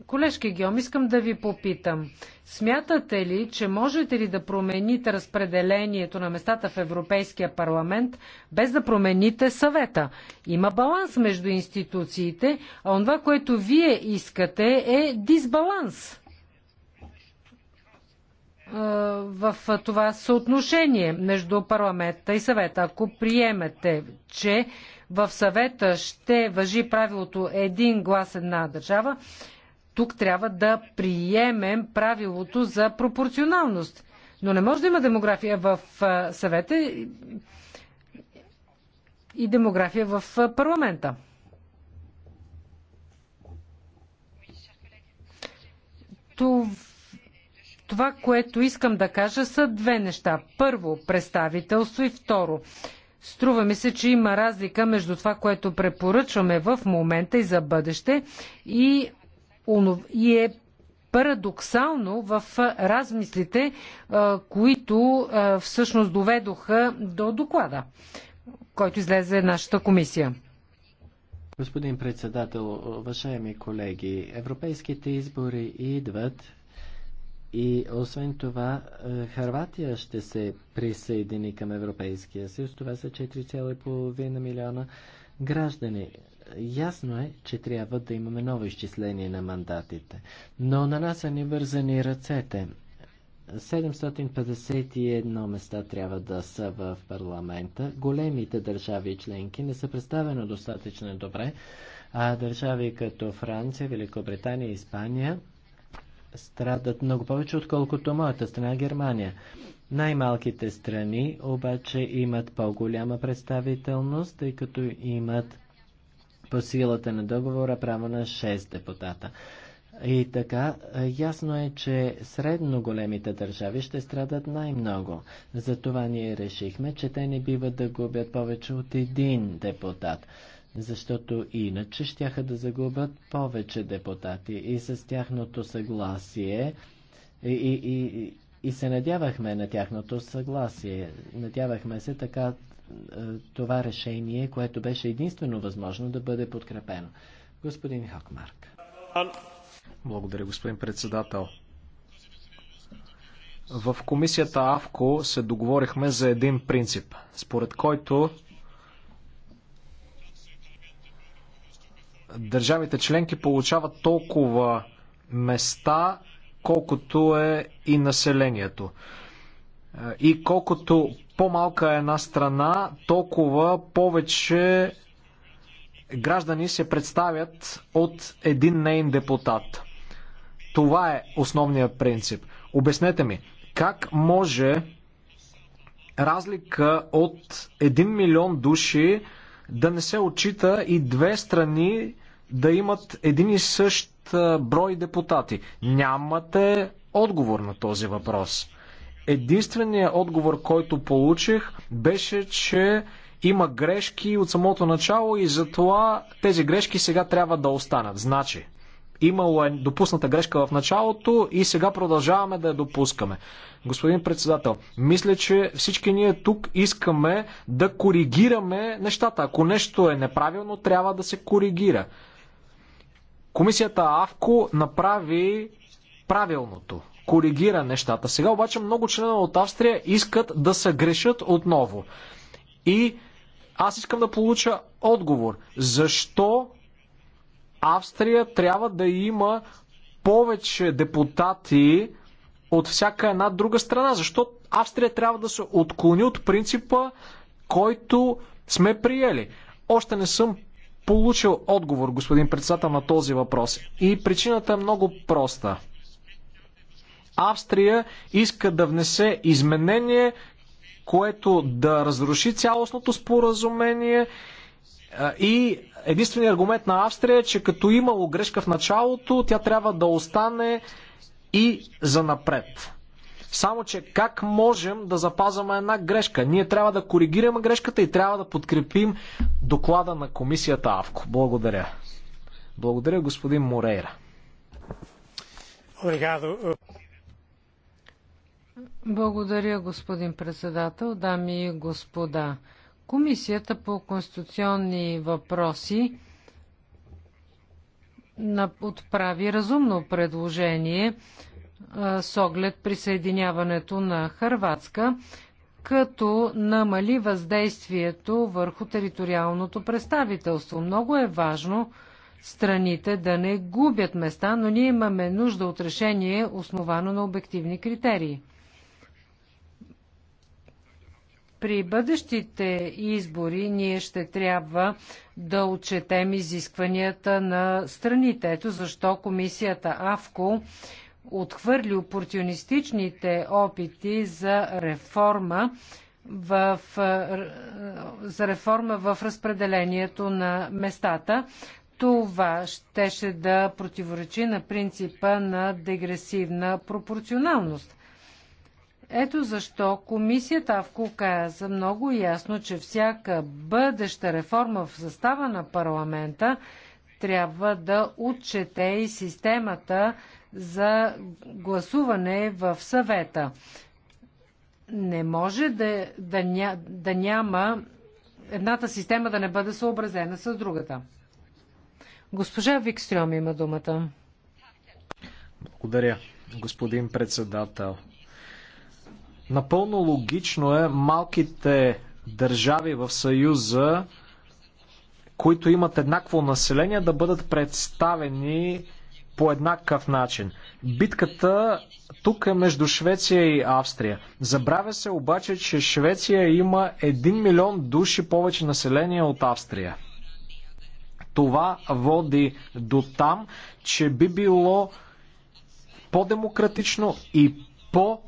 Колежки Геом, искам да ви попитам. Смятате ли, че можете ли да промените разпределението на местата в Европейския парламент, без да промените съвета? Има баланс между институциите, а това, което вие искате, е дисбаланс. Е, в това съотношение между парламента и съвета. Ако приемете, че в съвета ще въжи правилото един глас една държава, тук трябва да приемем правилото за пропорционалност. Но не може да има демография в е, съвета и демография в е, парламента. Това това, което искам да кажа, са две неща. Първо, представителство и второ, Струва ми се, че има разлика между това, което препоръчваме в момента и за бъдеще и, и е парадоксално в размислите, които всъщност доведоха до доклада, който излезе нашата комисия. Господин председател, уважаеми колеги, европейските избори идват и освен това, е, Харватия ще се присъедини към Европейския съюз. Това са 4,5 милиона граждани. Ясно е, че трябва да имаме ново изчисление на мандатите. Но на нас са ни вързани ръцете. 751 места трябва да са в парламента. Големите държави членки не са представени достатъчно добре, а държави като Франция, Великобритания, и Испания – страдат много повече, отколкото моята страна Германия. Най-малките страни обаче имат по-голяма представителност, тъй като имат по силата на договора право на 6 депутата. И така, ясно е, че средно големите държави ще страдат най-много. Затова ние решихме, че те не биват да губят повече от един депутат защото иначе щяха да загубят повече депутати и с тяхното съгласие и, и, и, и се надявахме на тяхното съгласие. Надявахме се така е, това решение, което беше единствено възможно да бъде подкрепено. Господин Хокмарк. Благодаря, господин председател. В комисията АВКО се договорихме за един принцип, според който държавите членки получават толкова места, колкото е и населението. Е, и колкото по-малка е една страна, толкова повече граждани се представят от един нейн депутат. Това е основният принцип. Обяснете ми, как може разлика от 1 милион души да не се отчита и две страни да имат един и същ брой депутати. Нямате отговор на този въпрос. Единственият отговор, който получих, беше, че има грешки от самото начало и затова тези грешки сега трябва да останат. Значи, Имало е допусната грешка в началото и сега продължаваме да я допускаме. Господин председател, мисля, че всички ние тук искаме да коригираме нещата. Ако нещо е неправилно, трябва да се коригира. Комисията АВКО направи правилното. Коригира нещата. Сега обаче много членове от Австрия искат да се грешат отново. И аз искам да получа отговор. Защо Австрия трябва да има повече депутати от всяка една друга страна, защото Австрия трябва да се отклони от принципа, който сме приели. Още не съм получил отговор, господин председател, на този въпрос. И причината е много проста. Австрия иска да внесе изменение, което да разруши цялостното споразумение и единственият аргумент на Австрия е, че като имало грешка в началото, тя трябва да остане и за напред. Само, че как можем да запазваме една грешка? Ние трябва да коригираме грешката и трябва да подкрепим доклада на комисията АВКО. Благодаря. Благодаря, господин Морейра. Е. Благодаря, господин председател, дами и господа. Комисията по конституционни въпроси отправи разумно предложение с оглед присъединяването на Харватска, като намали въздействието върху териториалното представителство. Много е важно страните да не губят места, но ние имаме нужда от решение, основано на обективни критерии. При бъдещите избори ние ще трябва да отчетем изискванията на страните. Ето защо комисията АВКО отхвърли опортунистичните опити за реформа в, за реформа в разпределението на местата. Това щеше да противоречи на принципа на дегресивна пропорционалност. Ето защо комисията Авко каза много ясно, че всяка бъдеща реформа в състава на парламента трябва да отчете и системата за гласуване в съвета. Не може да, да, ня, да няма едната система да не бъде съобразена с другата. Госпожа Викстрем има думата. Благодаря, господин председател. Напълно логично е малките държави в Съюза, които имат еднакво население, да бъдат представени по еднакъв начин. Битката тук е между Швеция и Австрия. Забравя се обаче, че Швеция има 1 милион души повече население от Австрия. Това води до там, че би било по-демократично и по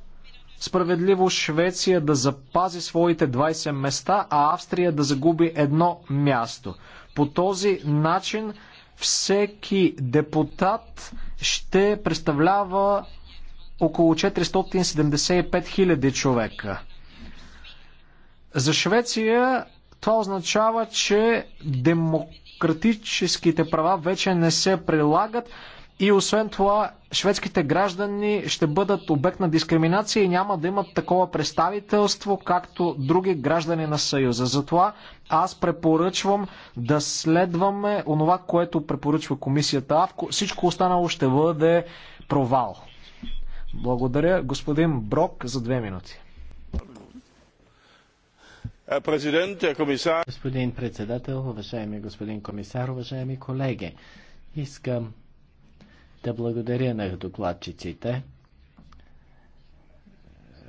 справедливо Швеция да запази своите 20 места, а Австрия да загуби едно място. По този начин всеки депутат ще представлява около 475 000 човека. За Швеция това означава, че демократическите права вече не се прилагат. И освен това, шведските граждани ще бъдат обект на дискриминация и няма да имат такова представителство, както други граждани на Съюза. Затова аз препоръчвам да следваме онова, което препоръчва комисията АВКО. Всичко останало ще бъде провал. Благодаря, господин Брок, за две минути. Е, е, господин председател, уважаеми господин комисар, уважаеми колеги, искам да благодаря на докладчиците.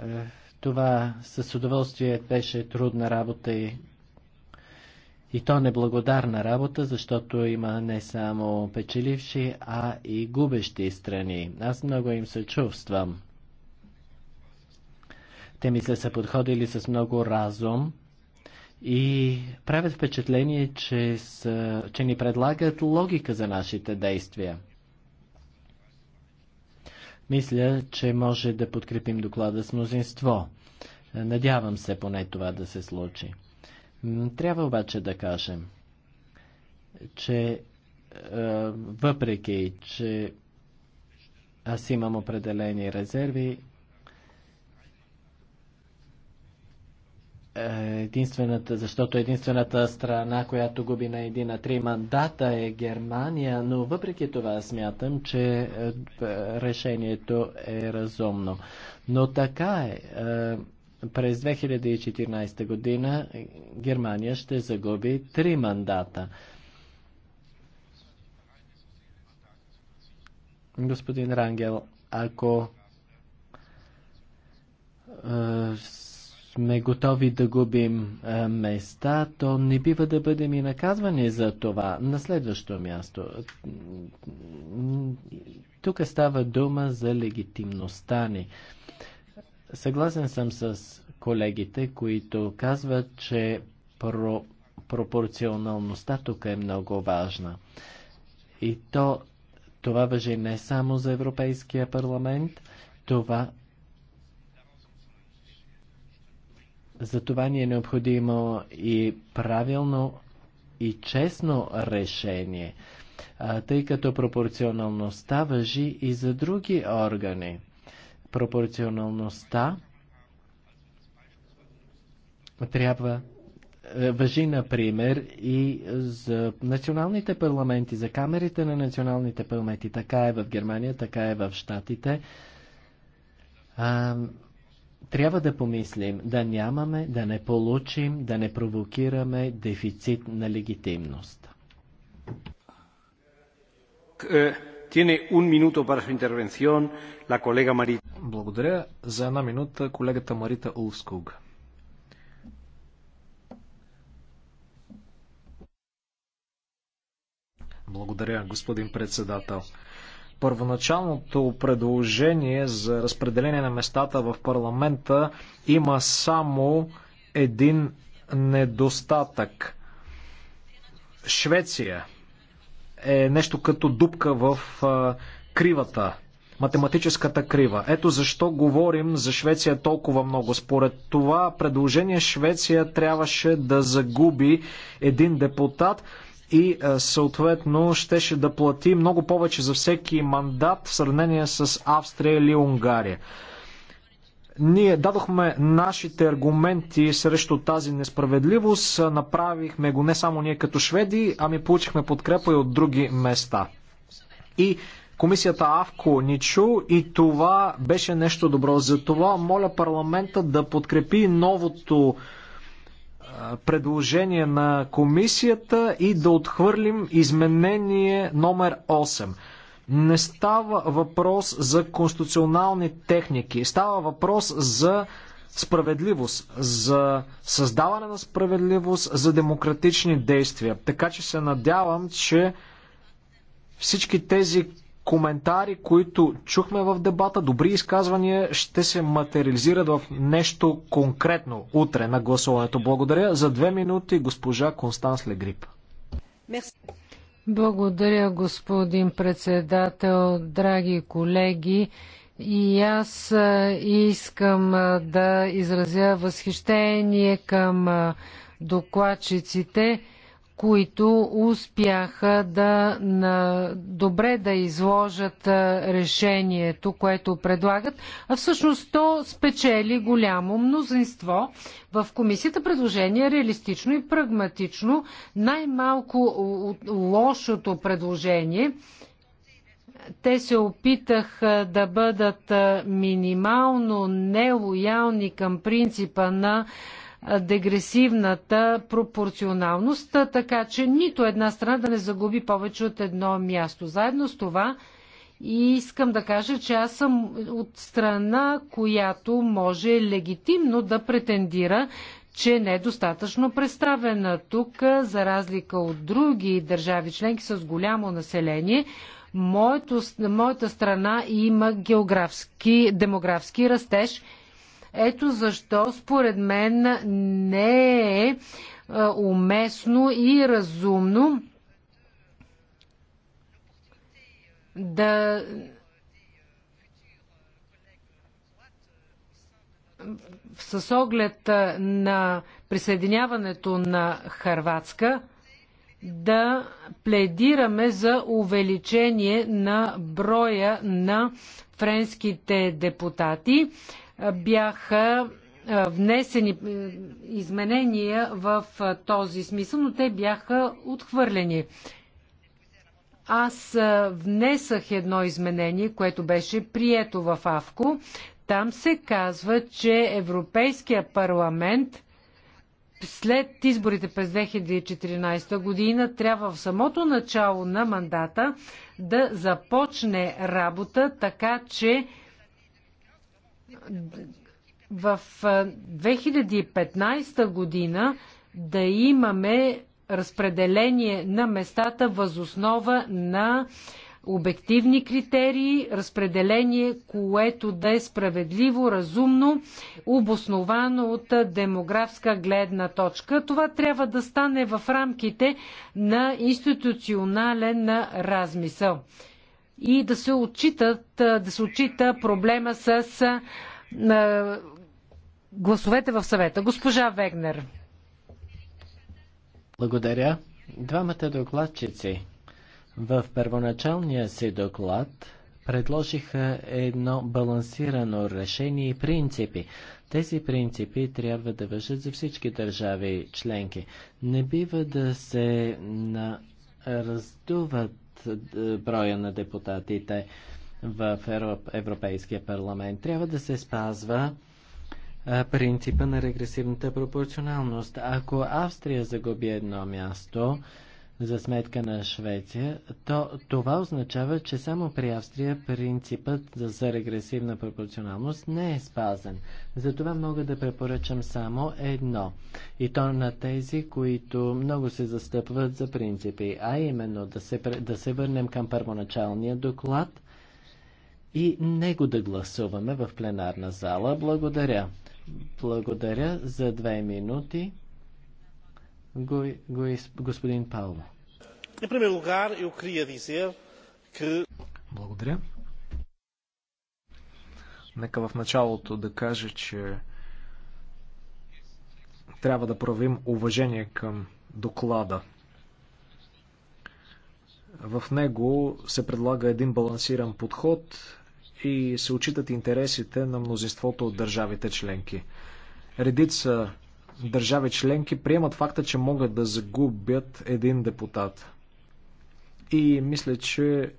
Е, това с удоволствие беше трудна работа и, и то неблагодарна работа, защото има не само печеливши, а и губещи страни. Аз много им се чувствам. Те ми се са подходили с много разум и правят впечатление, че, са, че ни предлагат логика за нашите действия. Мисля, че може да подкрепим доклада с мнозинство. Надявам се поне това да се случи. Трябва обаче да кажем, че е, въпреки, че аз имам определени резерви, единствената, защото единствената страна, която губи на един на три мандата е Германия, но въпреки това смятам, че е, решението е разумно. Но така е. е през 2014 година Германия ще загуби три мандата. Господин Рангел, ако е, сме готови да губим а, е, места, то не бива да бъдем и наказвани за това. На следващо място. Тук става дума за легитимността ни. Съгласен съм с колегите, които казват, че про пропорционалността тук е много важна. И то това въжи не само за Европейския парламент, това Затова ни е необходимо и правилно и честно решение, тъй като пропорционалността въжи и за други органи. Пропорционалността трябва е, въжи, например, и за националните парламенти, за камерите на националните парламенти. Така е в Германия, така е в Штатите. Трябва да помислим да нямаме, да не получим, да не провокираме дефицит на легитимност. Е, Благодаря. За една минута колегата Марита Улскуг. Благодаря, господин председател първоначалното предложение за разпределение на местата в парламента има само един недостатък. Швеция е нещо като дупка в кривата, математическата крива. Ето защо говорим за Швеция толкова много. Според това предложение Швеция трябваше да загуби един депутат и е, съответно щеше да плати много повече за всеки мандат в сравнение с Австрия или Унгария. Ние дадохме нашите аргументи срещу тази несправедливост, е, направихме го не само ние като шведи, ами получихме подкрепа и от други места. И комисията АВКО ни чу и това беше нещо добро. За това моля парламента да подкрепи новото предложение на комисията и да отхвърлим изменение номер 8. Не става въпрос за конституционални техники, става въпрос за справедливост, за създаване на справедливост, за демократични действия. Така че се надявам, че всички тези коментари, които чухме в дебата, добри изказвания ще се материализират в нещо конкретно утре на гласуването. Благодаря за две минути госпожа Констанс Легрип. Благодаря, господин председател, драги колеги. И аз искам да изразя възхищение към докладчиците които успяха да на, добре да изложат решението, което предлагат, а всъщност то спечели голямо мнозинство. В комисията предложение е реалистично и прагматично. Най-малко лошото предложение те се опитаха да бъдат минимално нелоялни към принципа на дегресивната пропорционалност, така че нито една страна да не загуби повече от едно място. Заедно с това и искам да кажа, че аз съм от страна, която може легитимно да претендира, че не е достатъчно представена тук, за разлика от други държави членки с голямо население. Моето, моята страна има географски, демографски растеж – ето защо според мен не е, е уместно и разумно да с оглед на присъединяването на Харватска да пледираме за увеличение на броя на френските депутати бяха внесени изменения в този смисъл, но те бяха отхвърлени. Аз внесах едно изменение, което беше прието в АВКО. Там се казва, че Европейския парламент след изборите през 2014 година трябва в самото начало на мандата да започне работа, така че в 2015 година да имаме разпределение на местата възоснова на обективни критерии, разпределение, което да е справедливо, разумно, обосновано от демографска гледна точка. Това трябва да стане в рамките на институционален размисъл и да се, отчитат, да се отчита проблема с на гласовете в съвета. Госпожа Вегнер. Благодаря. Двамата докладчици в първоначалния си доклад предложиха едно балансирано решение и принципи. Тези принципи трябва да въжат за всички държави членки. Не бива да се на... раздуват е, броя на депутатите в Европейския парламент. Трябва да се спазва принципа на регресивната пропорционалност. Ако Австрия загуби едно място за сметка на Швеция, то това означава, че само при Австрия принципът за регресивна пропорционалност не е спазен. Затова мога да препоръчам само едно. И то на тези, които много се застъпват за принципи, а именно да се, да се върнем към първоначалния доклад и него да гласуваме в пленарна зала. Благодаря. Благодаря за две минути. Го, го, господин Пауло. Благодаря. Нека в началото да кажа, че трябва да правим уважение към доклада. В него се предлага един балансиран подход, и се очитат интересите на мнозинството от държавите членки. Редица държави членки приемат факта, че могат да загубят един депутат. И мисля, че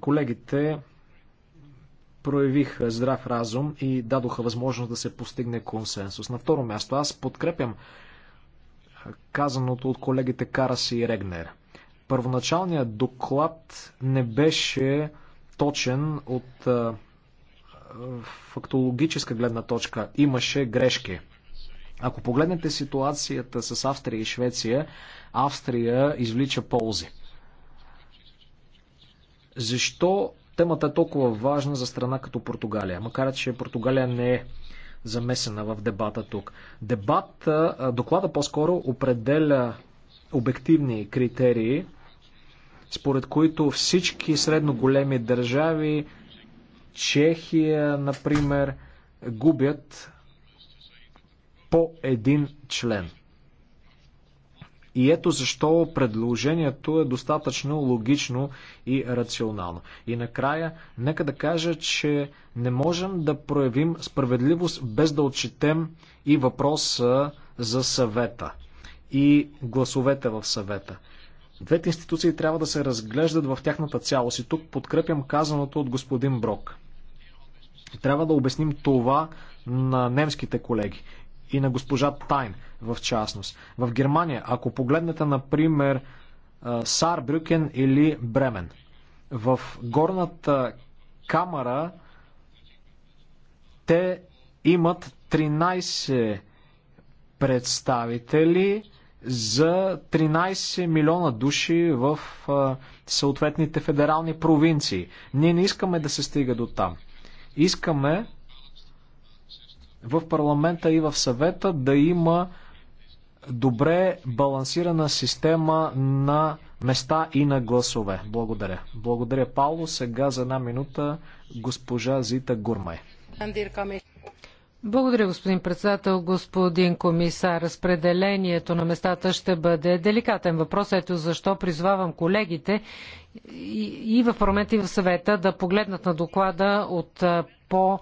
колегите проявиха здрав разум и дадоха възможност да се постигне консенсус. На второ място, аз подкрепям казаното от колегите Караси и Регнер. Първоначалният доклад не беше точен от фактологическа гледна точка. Имаше грешки. Ако погледнете ситуацията с Австрия и Швеция, Австрия извлича ползи. Защо темата е толкова важна за страна като Португалия? Макар, че Португалия не е замесена в дебата тук. Дебат, доклада по-скоро определя обективни критерии, според които всички средно големи държави, Чехия, например, губят по един член. И ето защо предложението е достатъчно логично и рационално. И накрая, нека да кажа, че не можем да проявим справедливост без да отчетем и въпроса за съвета и гласовете в съвета. Двете институции трябва да се разглеждат в тяхната цялост. И тук подкрепям казаното от господин Брок. Трябва да обясним това на немските колеги и на госпожа Тайн в частност. В Германия, ако погледнете, например, Сарбрюкен или Бремен, в горната камера те имат 13 представители, за 13 милиона души в съответните федерални провинции. Ние не искаме да се стига до там. Искаме в парламента и в съвета да има добре балансирана система на места и на гласове. Благодаря. Благодаря, Пауло. Сега за една минута госпожа Зита Гурмай. Благодаря, господин председател. Господин комисар, разпределението на местата ще бъде деликатен въпрос. Ето защо призвавам колегите и в парламента и в съвета да погледнат на доклада от по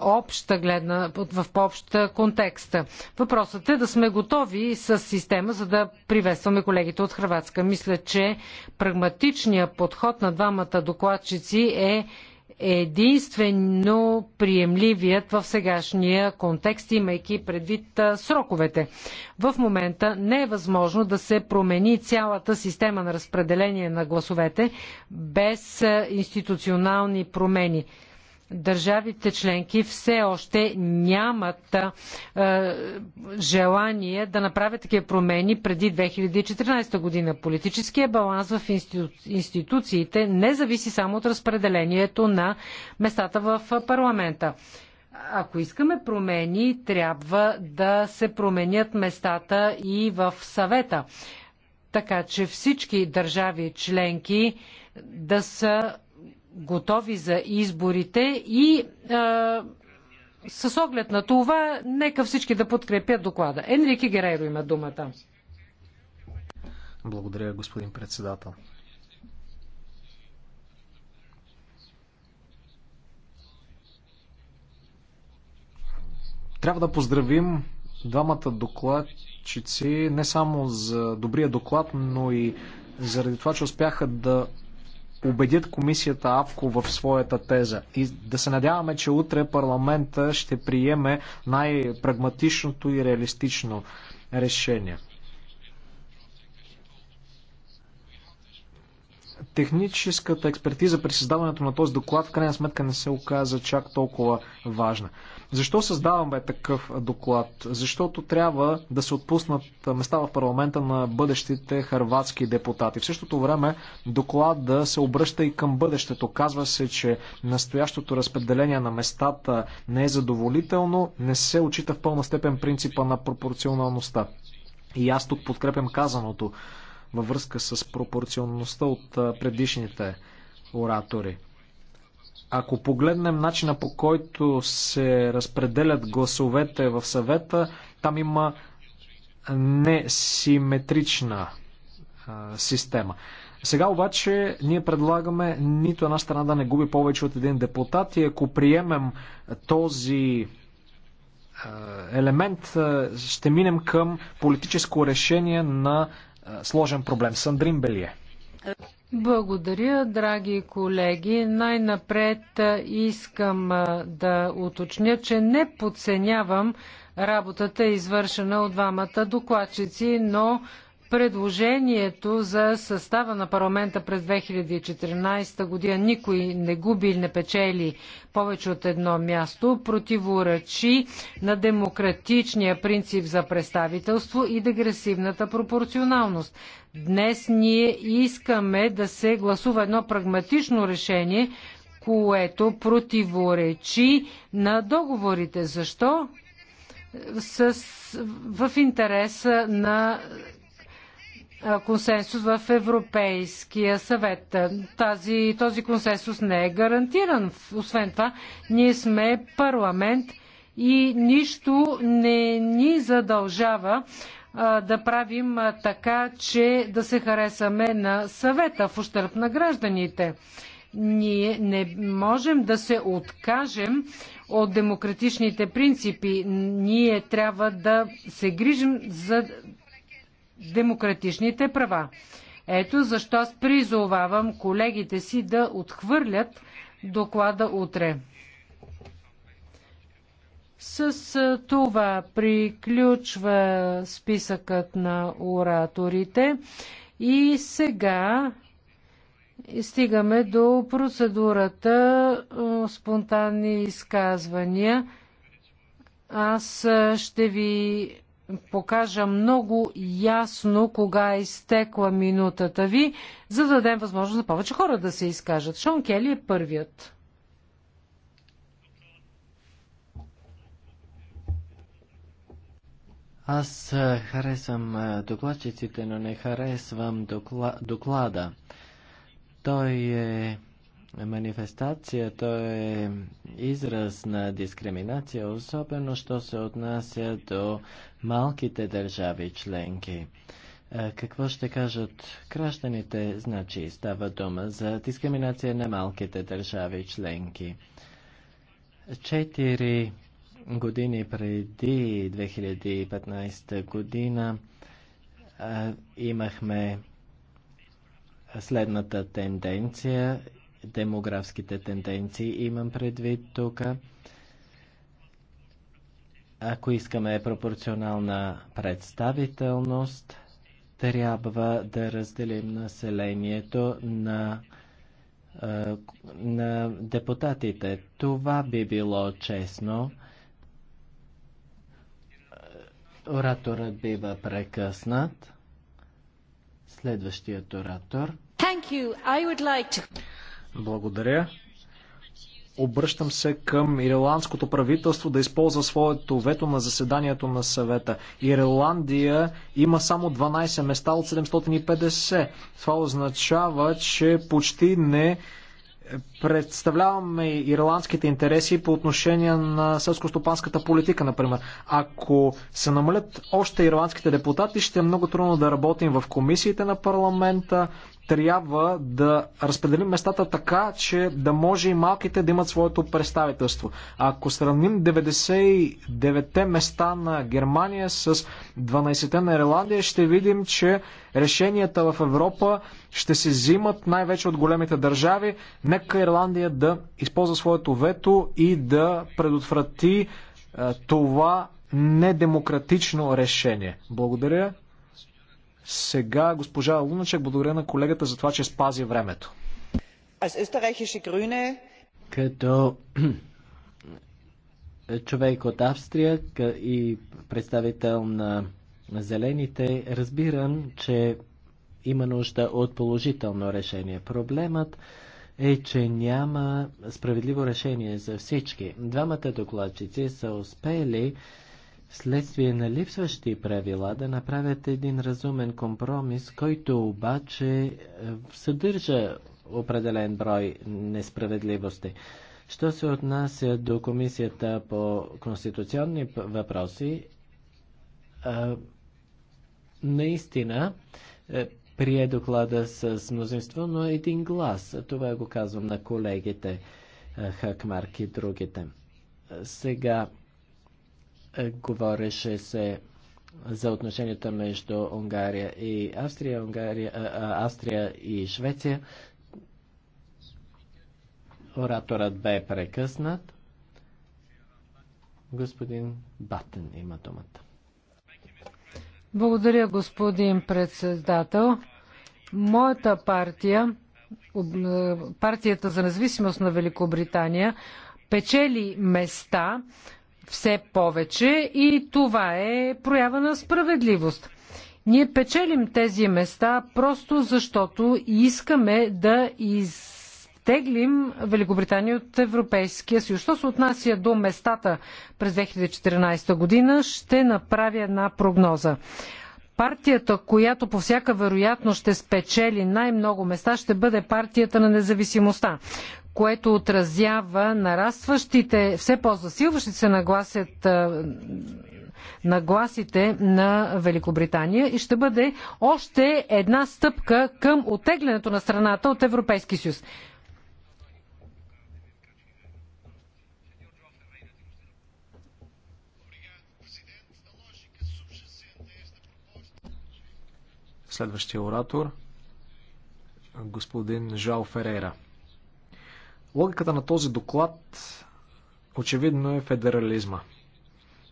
обща гледна, в по-обща контекста. Въпросът е да сме готови с система, за да приветстваме колегите от Хрватска. Мисля, че прагматичният подход на двамата докладчици е е единствено приемливият в сегашния контекст, имайки предвид сроковете. В момента не е възможно да се промени цялата система на разпределение на гласовете без институционални промени държавите членки все още нямат е, желание да направят такива промени преди 2014 година. Политическия баланс в институ... институциите не зависи само от разпределението на местата в парламента. Ако искаме промени, трябва да се променят местата и в съвета, така че всички държави членки да са готови за изборите и а, с оглед на това, нека всички да подкрепят доклада. Енрике Герейро има думата. Благодаря, господин председател. Трябва да поздравим двамата докладчици не само за добрия доклад, но и заради това, че успяха да убедят комисията АВКО в своята теза. И да се надяваме, че утре парламента ще приеме най-прагматичното и реалистично решение. Техническата експертиза при създаването на този доклад в крайна сметка не се оказа чак толкова важна. Защо създаваме такъв доклад? Защото трябва да се отпуснат места в парламента на бъдещите харватски депутати. В същото време доклад да се обръща и към бъдещето. Казва се, че настоящото разпределение на местата не е задоволително, не се очита в пълна степен принципа на пропорционалността. И аз тук подкрепям казаното във връзка с пропорционалността от предишните оратори. Ако погледнем начина по който се разпределят гласовете в съвета, там има несиметрична система. Сега обаче ние предлагаме нито една страна да не губи повече от един депутат и ако приемем този елемент, ще минем към политическо решение на сложен проблем. Сандрин Белие. Благодаря, драги колеги. Най-напред искам да уточня, че не подценявам работата, извършена от двамата докладчици, но предложението за състава на парламента през 2014 година никой не губи или не печели повече от едно място, противоречи на демократичния принцип за представителство и дегресивната пропорционалност. Днес ние искаме да се гласува едно прагматично решение, което противоречи на договорите. Защо? С, в интереса на консенсус в Европейския съвет. Тази, този консенсус не е гарантиран. Освен това, ние сме парламент и нищо не ни задължава а, да правим а, така, че да се харесаме на съвета в ущърп на гражданите. Ние не можем да се откажем от демократичните принципи. Ние трябва да се грижим за демократичните права. Ето защо аз призовавам колегите си да отхвърлят доклада утре. С това приключва списъкът на ораторите и сега стигаме до процедурата спонтанни изказвания. Аз ще ви покажа много ясно кога е изтекла минутата ви, за да дадем възможност на повече хора да се изкажат. Шон Кели е първият. Аз харесвам докладчиците, но не харесвам докла... доклада. Той е Манифестацията е израз на дискриминация, особено що се отнася до малките държави членки. Какво ще кажат гражданите? Значи става дума за дискриминация на малките държави членки. Четири години преди 2015 година имахме следната тенденция демографските тенденции имам предвид тук. Ако искаме пропорционална представителност, трябва да разделим населението на, на депутатите. Това би било честно. Ораторът бива прекъснат. Следващият оратор. Thank you. I would like to... Благодаря. Обръщам се към ирландското правителство да използва своето вето на заседанието на съвета. Ирландия има само 12 места от 750. Това означава, че почти не представляваме ирландските интереси по отношение на сълскостопанската стопанската политика, например. Ако се намалят още ирландските депутати, ще е много трудно да работим в комисиите на парламента, трябва да разпределим местата така, че да може и малките да имат своето представителство. Ако сравним 99-те места на Германия с 12-те на Ирландия, ще видим, че решенията в Европа ще се взимат най-вече от големите държави. Нека Ирландия да използва своето вето и да предотврати това недемократично решение. Благодаря. Сега госпожа Луначек благодаря на колегата за това, че спази времето. Като [CLEARS THROAT] човек от Австрия и представител на зелените, разбирам, че има нужда от положително решение. Проблемът е, че няма справедливо решение за всички. Двамата докладчици са успели вследствие на липсващи правила да направят един разумен компромис, който обаче е, съдържа определен брой несправедливости. Що се отнася до Комисията по конституционни въпроси, е, наистина е, прие доклада с мнозинство, но един глас. Това го казвам на колегите Хакмарк и другите. Сега говореше се за отношенията между Унгария и Австрия, Унгария, а, Австрия и Швеция. Ораторът бе прекъснат. Господин Батен има думата. Благодаря, господин председател. Моята партия, е, партията за независимост на Великобритания, печели места все повече и това е проява на справедливост. Ние печелим тези места просто защото искаме да изтеглим Великобритания от Европейския съюз. Що се отнася до местата през 2014 година, ще направя една прогноза. Партията, която по всяка вероятност ще спечели най-много места, ще бъде партията на независимостта, което отразява нарастващите, все по-засилващите се нагласят нагласите на Великобритания и ще бъде още една стъпка към отеглянето на страната от Европейски съюз. Следващия оратор господин Жал Ферейра. Логиката на този доклад очевидно е федерализма.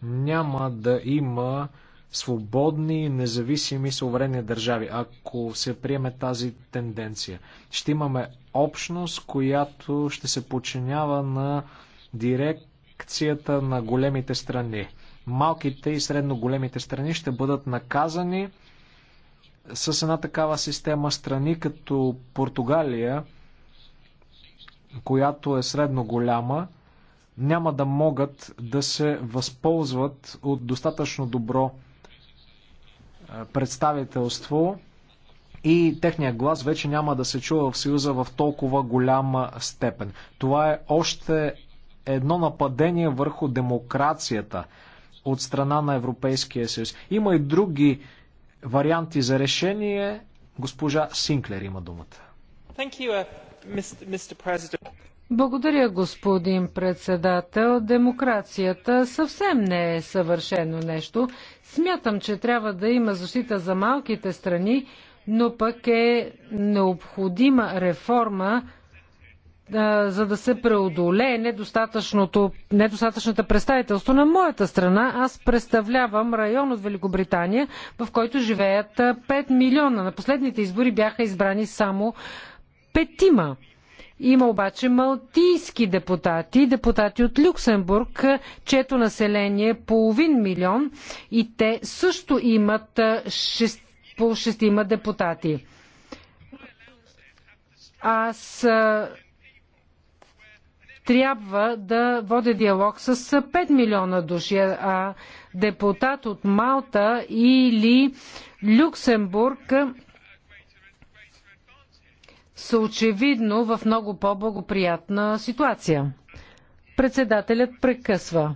Няма да има свободни, независими, суверенни държави, ако се приеме тази тенденция. Ще имаме общност, която ще се подчинява на дирекцията на големите страни. Малките и средно големите страни ще бъдат наказани с една такава система. Страни като Португалия която е средно голяма, няма да могат да се възползват от достатъчно добро е, представителство и техния глас вече няма да се чува в Съюза в толкова голяма степен. Това е още едно нападение върху демокрацията от страна на Европейския съюз. Има и други варианти за решение. Госпожа Синклер има думата. Uh, благодаря, господин председател. Демокрацията съвсем не е съвършено нещо. Смятам, че трябва да има защита за малките страни, но пък е необходима реформа, за да се преодолее недостатъчната представителство на моята страна. Аз представлявам район от Великобритания, в който живеят 5 милиона. На последните избори бяха избрани само петима. Има обаче малтийски депутати, депутати от Люксембург, чето население е половин милион и те също имат шест, по шестима депутати. Аз трябва да водя диалог с 5 милиона души, а депутат от Малта или Люксембург са очевидно в много по-благоприятна ситуация. Председателят прекъсва.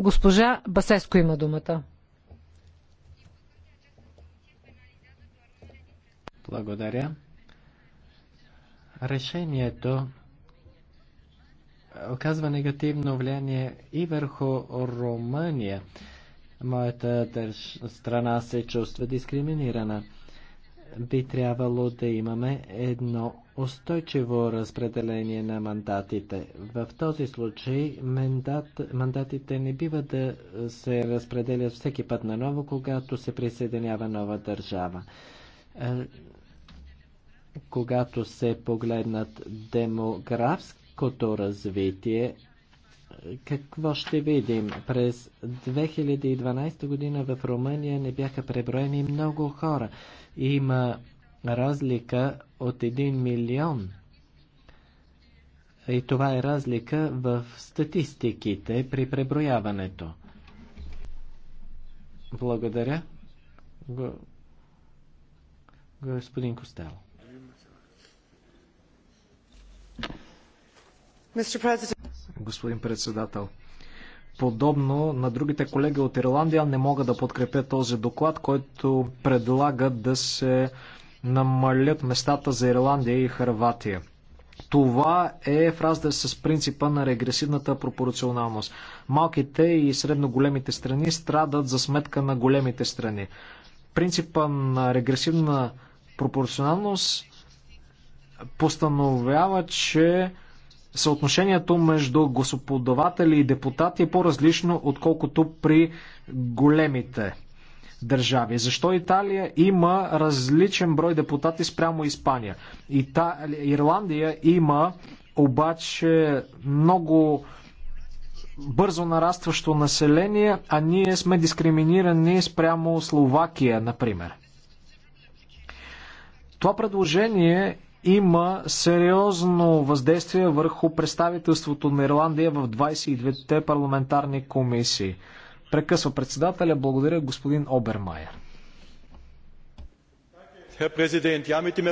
Госпожа Басеско има думата. Благодаря. Решението оказва негативно влияние и върху Румъния. Моята страна се чувства дискриминирана би трябвало да имаме едно устойчиво разпределение на мандатите. В този случай мандат, мандатите не бива да се разпределят всеки път на ново, когато се присъединява нова държава. Е, когато се погледнат демографското развитие, какво ще видим? През 2012 година в Румъния не бяха преброени много хора има разлика от 1 милион. И това е разлика в статистиките при преброяването. Благодаря. Го... Господин Костел. Господин председател, подобно на другите колеги от Ирландия, не мога да подкрепя този доклад, който предлага да се намалят местата за Ирландия и Харватия. Това е в с принципа на регресивната пропорционалност. Малките и средно големите страни страдат за сметка на големите страни. Принципа на регресивна пропорционалност постановява, че съотношението между гласоподаватели и депутати е по-различно, отколкото при големите държави. Защо Италия има различен брой депутати спрямо Испания? Ита... Ирландия има обаче много бързо нарастващо население, а ние сме дискриминирани спрямо Словакия, например. Това предложение има сериозно въздействие върху представителството на Ирландия в 22-те парламентарни комисии. Прекъсва председателя. Благодаря господин Обермайер.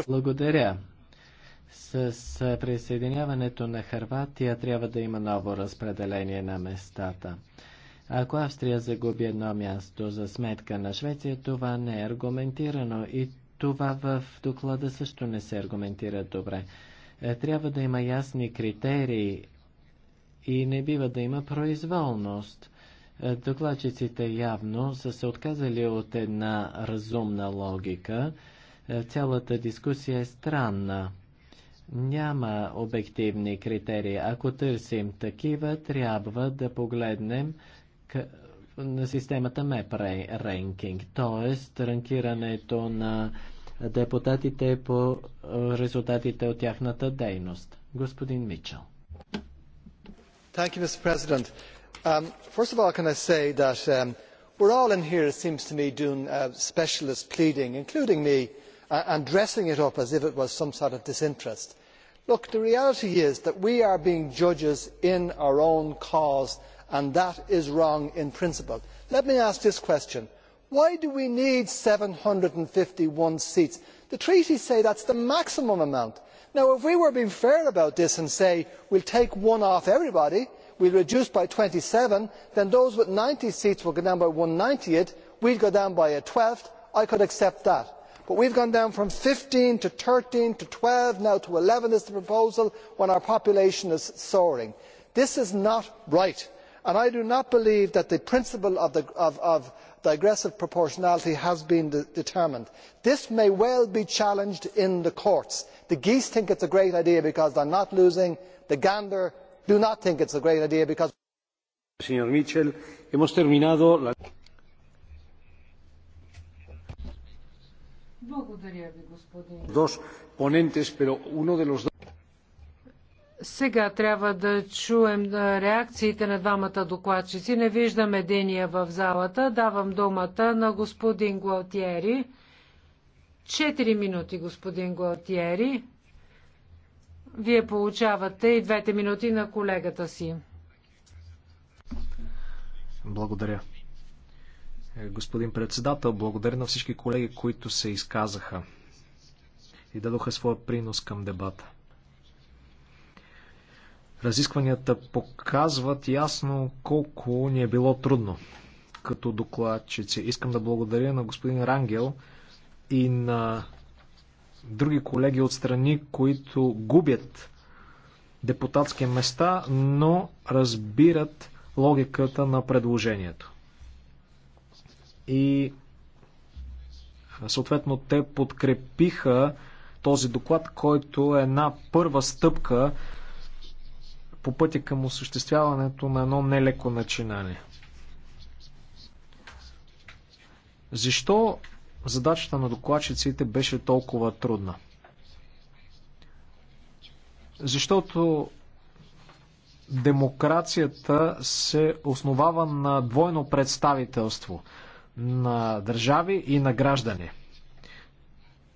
Благодаря. С присъединяването на Харватия трябва да има ново разпределение на местата. Ако Австрия загуби едно място за сметка на Швеция, това не е аргументирано и това в доклада също не се аргументира добре. Е, трябва да има ясни критерии и не бива да има произволност. Е, докладчиците явно са се отказали от една разумна логика. Е, цялата дискусия е странна. Няма обективни критерии. Ако търсим такива, трябва да погледнем на системата МЕП рейнкинг, т.е. ранкирането на депутатите по резултатите от тяхната дейност. Господин Мичел. Thank you, Mr. President. Um, first of all, can I say that um, we're all in here, it seems to me, doing uh, specialist pleading, including me, uh, and dressing it up as if it was some sort of disinterest. Look, the reality is that we are being judges in our own cause and that is wrong in principle. let me ask this question why do we need seven hundred and fifty one seats? the treaties say that is the maximum amount. Now if we were being fair about this and say we will take one off everybody we will reduce by twenty seven then those with ninety seats will go down by one ninetieth we will go down by a twelfth i could accept that but we have gone down from fifteen to thirteen to twelve now to eleven is the proposal when our population is soaring. this is not right i do not believe that the principle of digressive proportionality has been determined. this may well be challenged in the courts. the geese think it is a great idea because they are not losing the gander do not think it is a great idea because. Сега трябва да чуем реакциите на двамата докладчици. Не виждам единия в залата. Давам думата на господин Гуалтиери. Четири минути, господин Гуалтиери. Вие получавате и двете минути на колегата си. Благодаря. Господин председател, благодаря на всички колеги, които се изказаха и дадоха своя принос към дебата. Разискванията показват ясно колко ни е било трудно като докладчици. Искам да благодаря на господин Рангел и на други колеги от страни, които губят депутатски места, но разбират логиката на предложението. И съответно те подкрепиха този доклад, който е една първа стъпка по пътя към осъществяването на едно нелеко начинание. Защо задачата на докладчиците беше толкова трудна? Защото демокрацията се основава на двойно представителство на държави и на граждани.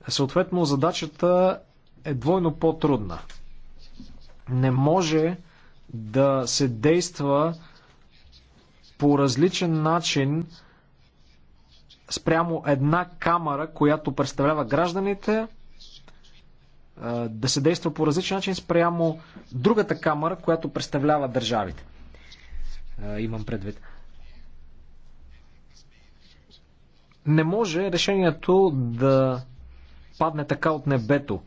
Съответно, задачата е двойно по-трудна. Не може да се действа по различен начин спрямо една камера, която представлява гражданите, е, да се действа по различен начин спрямо другата камера, която представлява държавите. Е, имам предвид. Не може решението да падне така от небето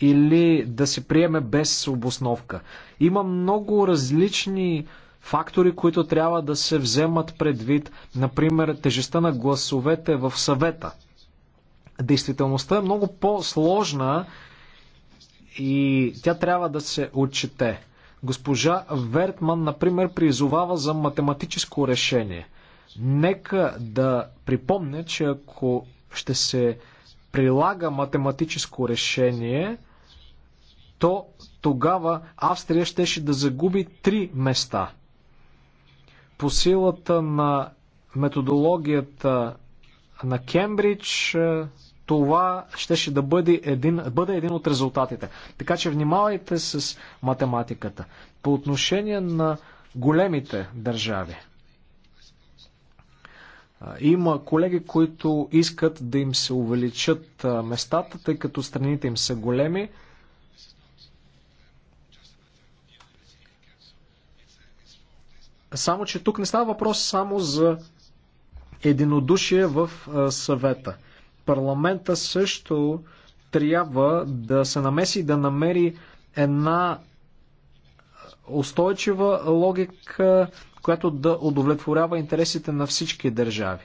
или да се приеме без обосновка. Има много различни фактори, които трябва да се вземат предвид, например тежестта на гласовете в съвета. Действителността е много по-сложна и тя трябва да се отчете. Госпожа Вертман, например, призовава за математическо решение. Нека да припомня, че ако ще се прилага математическо решение, то тогава Австрия щеше да загуби три места. По силата на методологията на Кембридж, е, това щеше да бъде един, бъде един от резултатите. Така че внимавайте с математиката. По отношение на големите държави. Е, има колеги, които искат да им се увеличат е, местата, тъй като страните им са големи. Само, че тук не става въпрос само за единодушие в съвета. Парламента също трябва да се намеси да намери една устойчива логика, която да удовлетворява интересите на всички държави.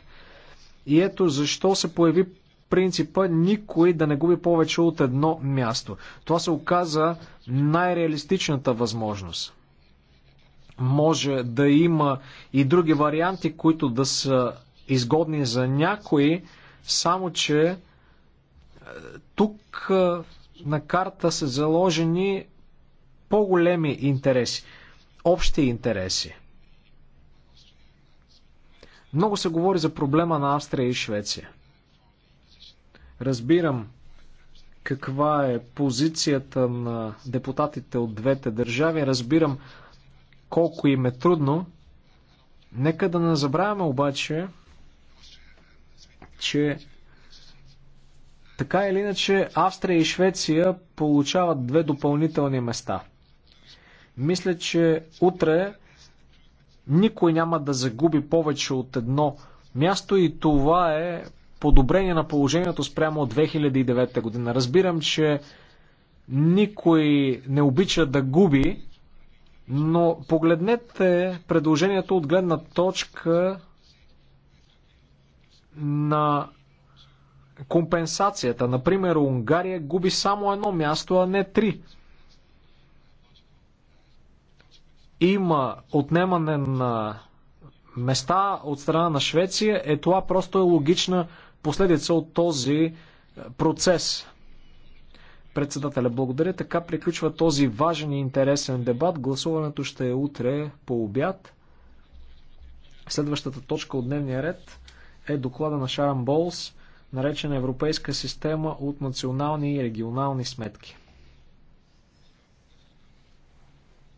И ето защо се появи принципа никой да не губи повече от едно място. Това се оказа най-реалистичната възможност. Може да има и други варианти, които да са изгодни за някои, само че е, тук е, на карта са заложени по-големи интереси, общи интереси. Много се говори за проблема на Австрия и Швеция. Разбирам каква е позицията на депутатите от двете държави, разбирам колко им е трудно. Нека да не забравяме обаче, че така или иначе Австрия и Швеция получават две допълнителни места. Мисля, че утре никой няма да загуби повече от едно място и това е подобрение на положението спрямо от 2009 година. Разбирам, че никой не обича да губи, но погледнете предложението от гледна точка на компенсацията. Например, Унгария губи само едно място, а не три. Има отнемане на места от страна на Швеция. Е това просто е логична последица от този процес. Председателя, благодаря. Така приключва този важен и интересен дебат. Гласуването ще е утре по обяд. Следващата точка от дневния ред е доклада на Шаран Болс, наречена Европейска система от национални и регионални сметки.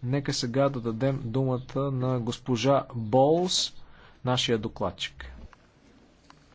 Нека сега да дадем думата на госпожа Болс, нашия докладчик.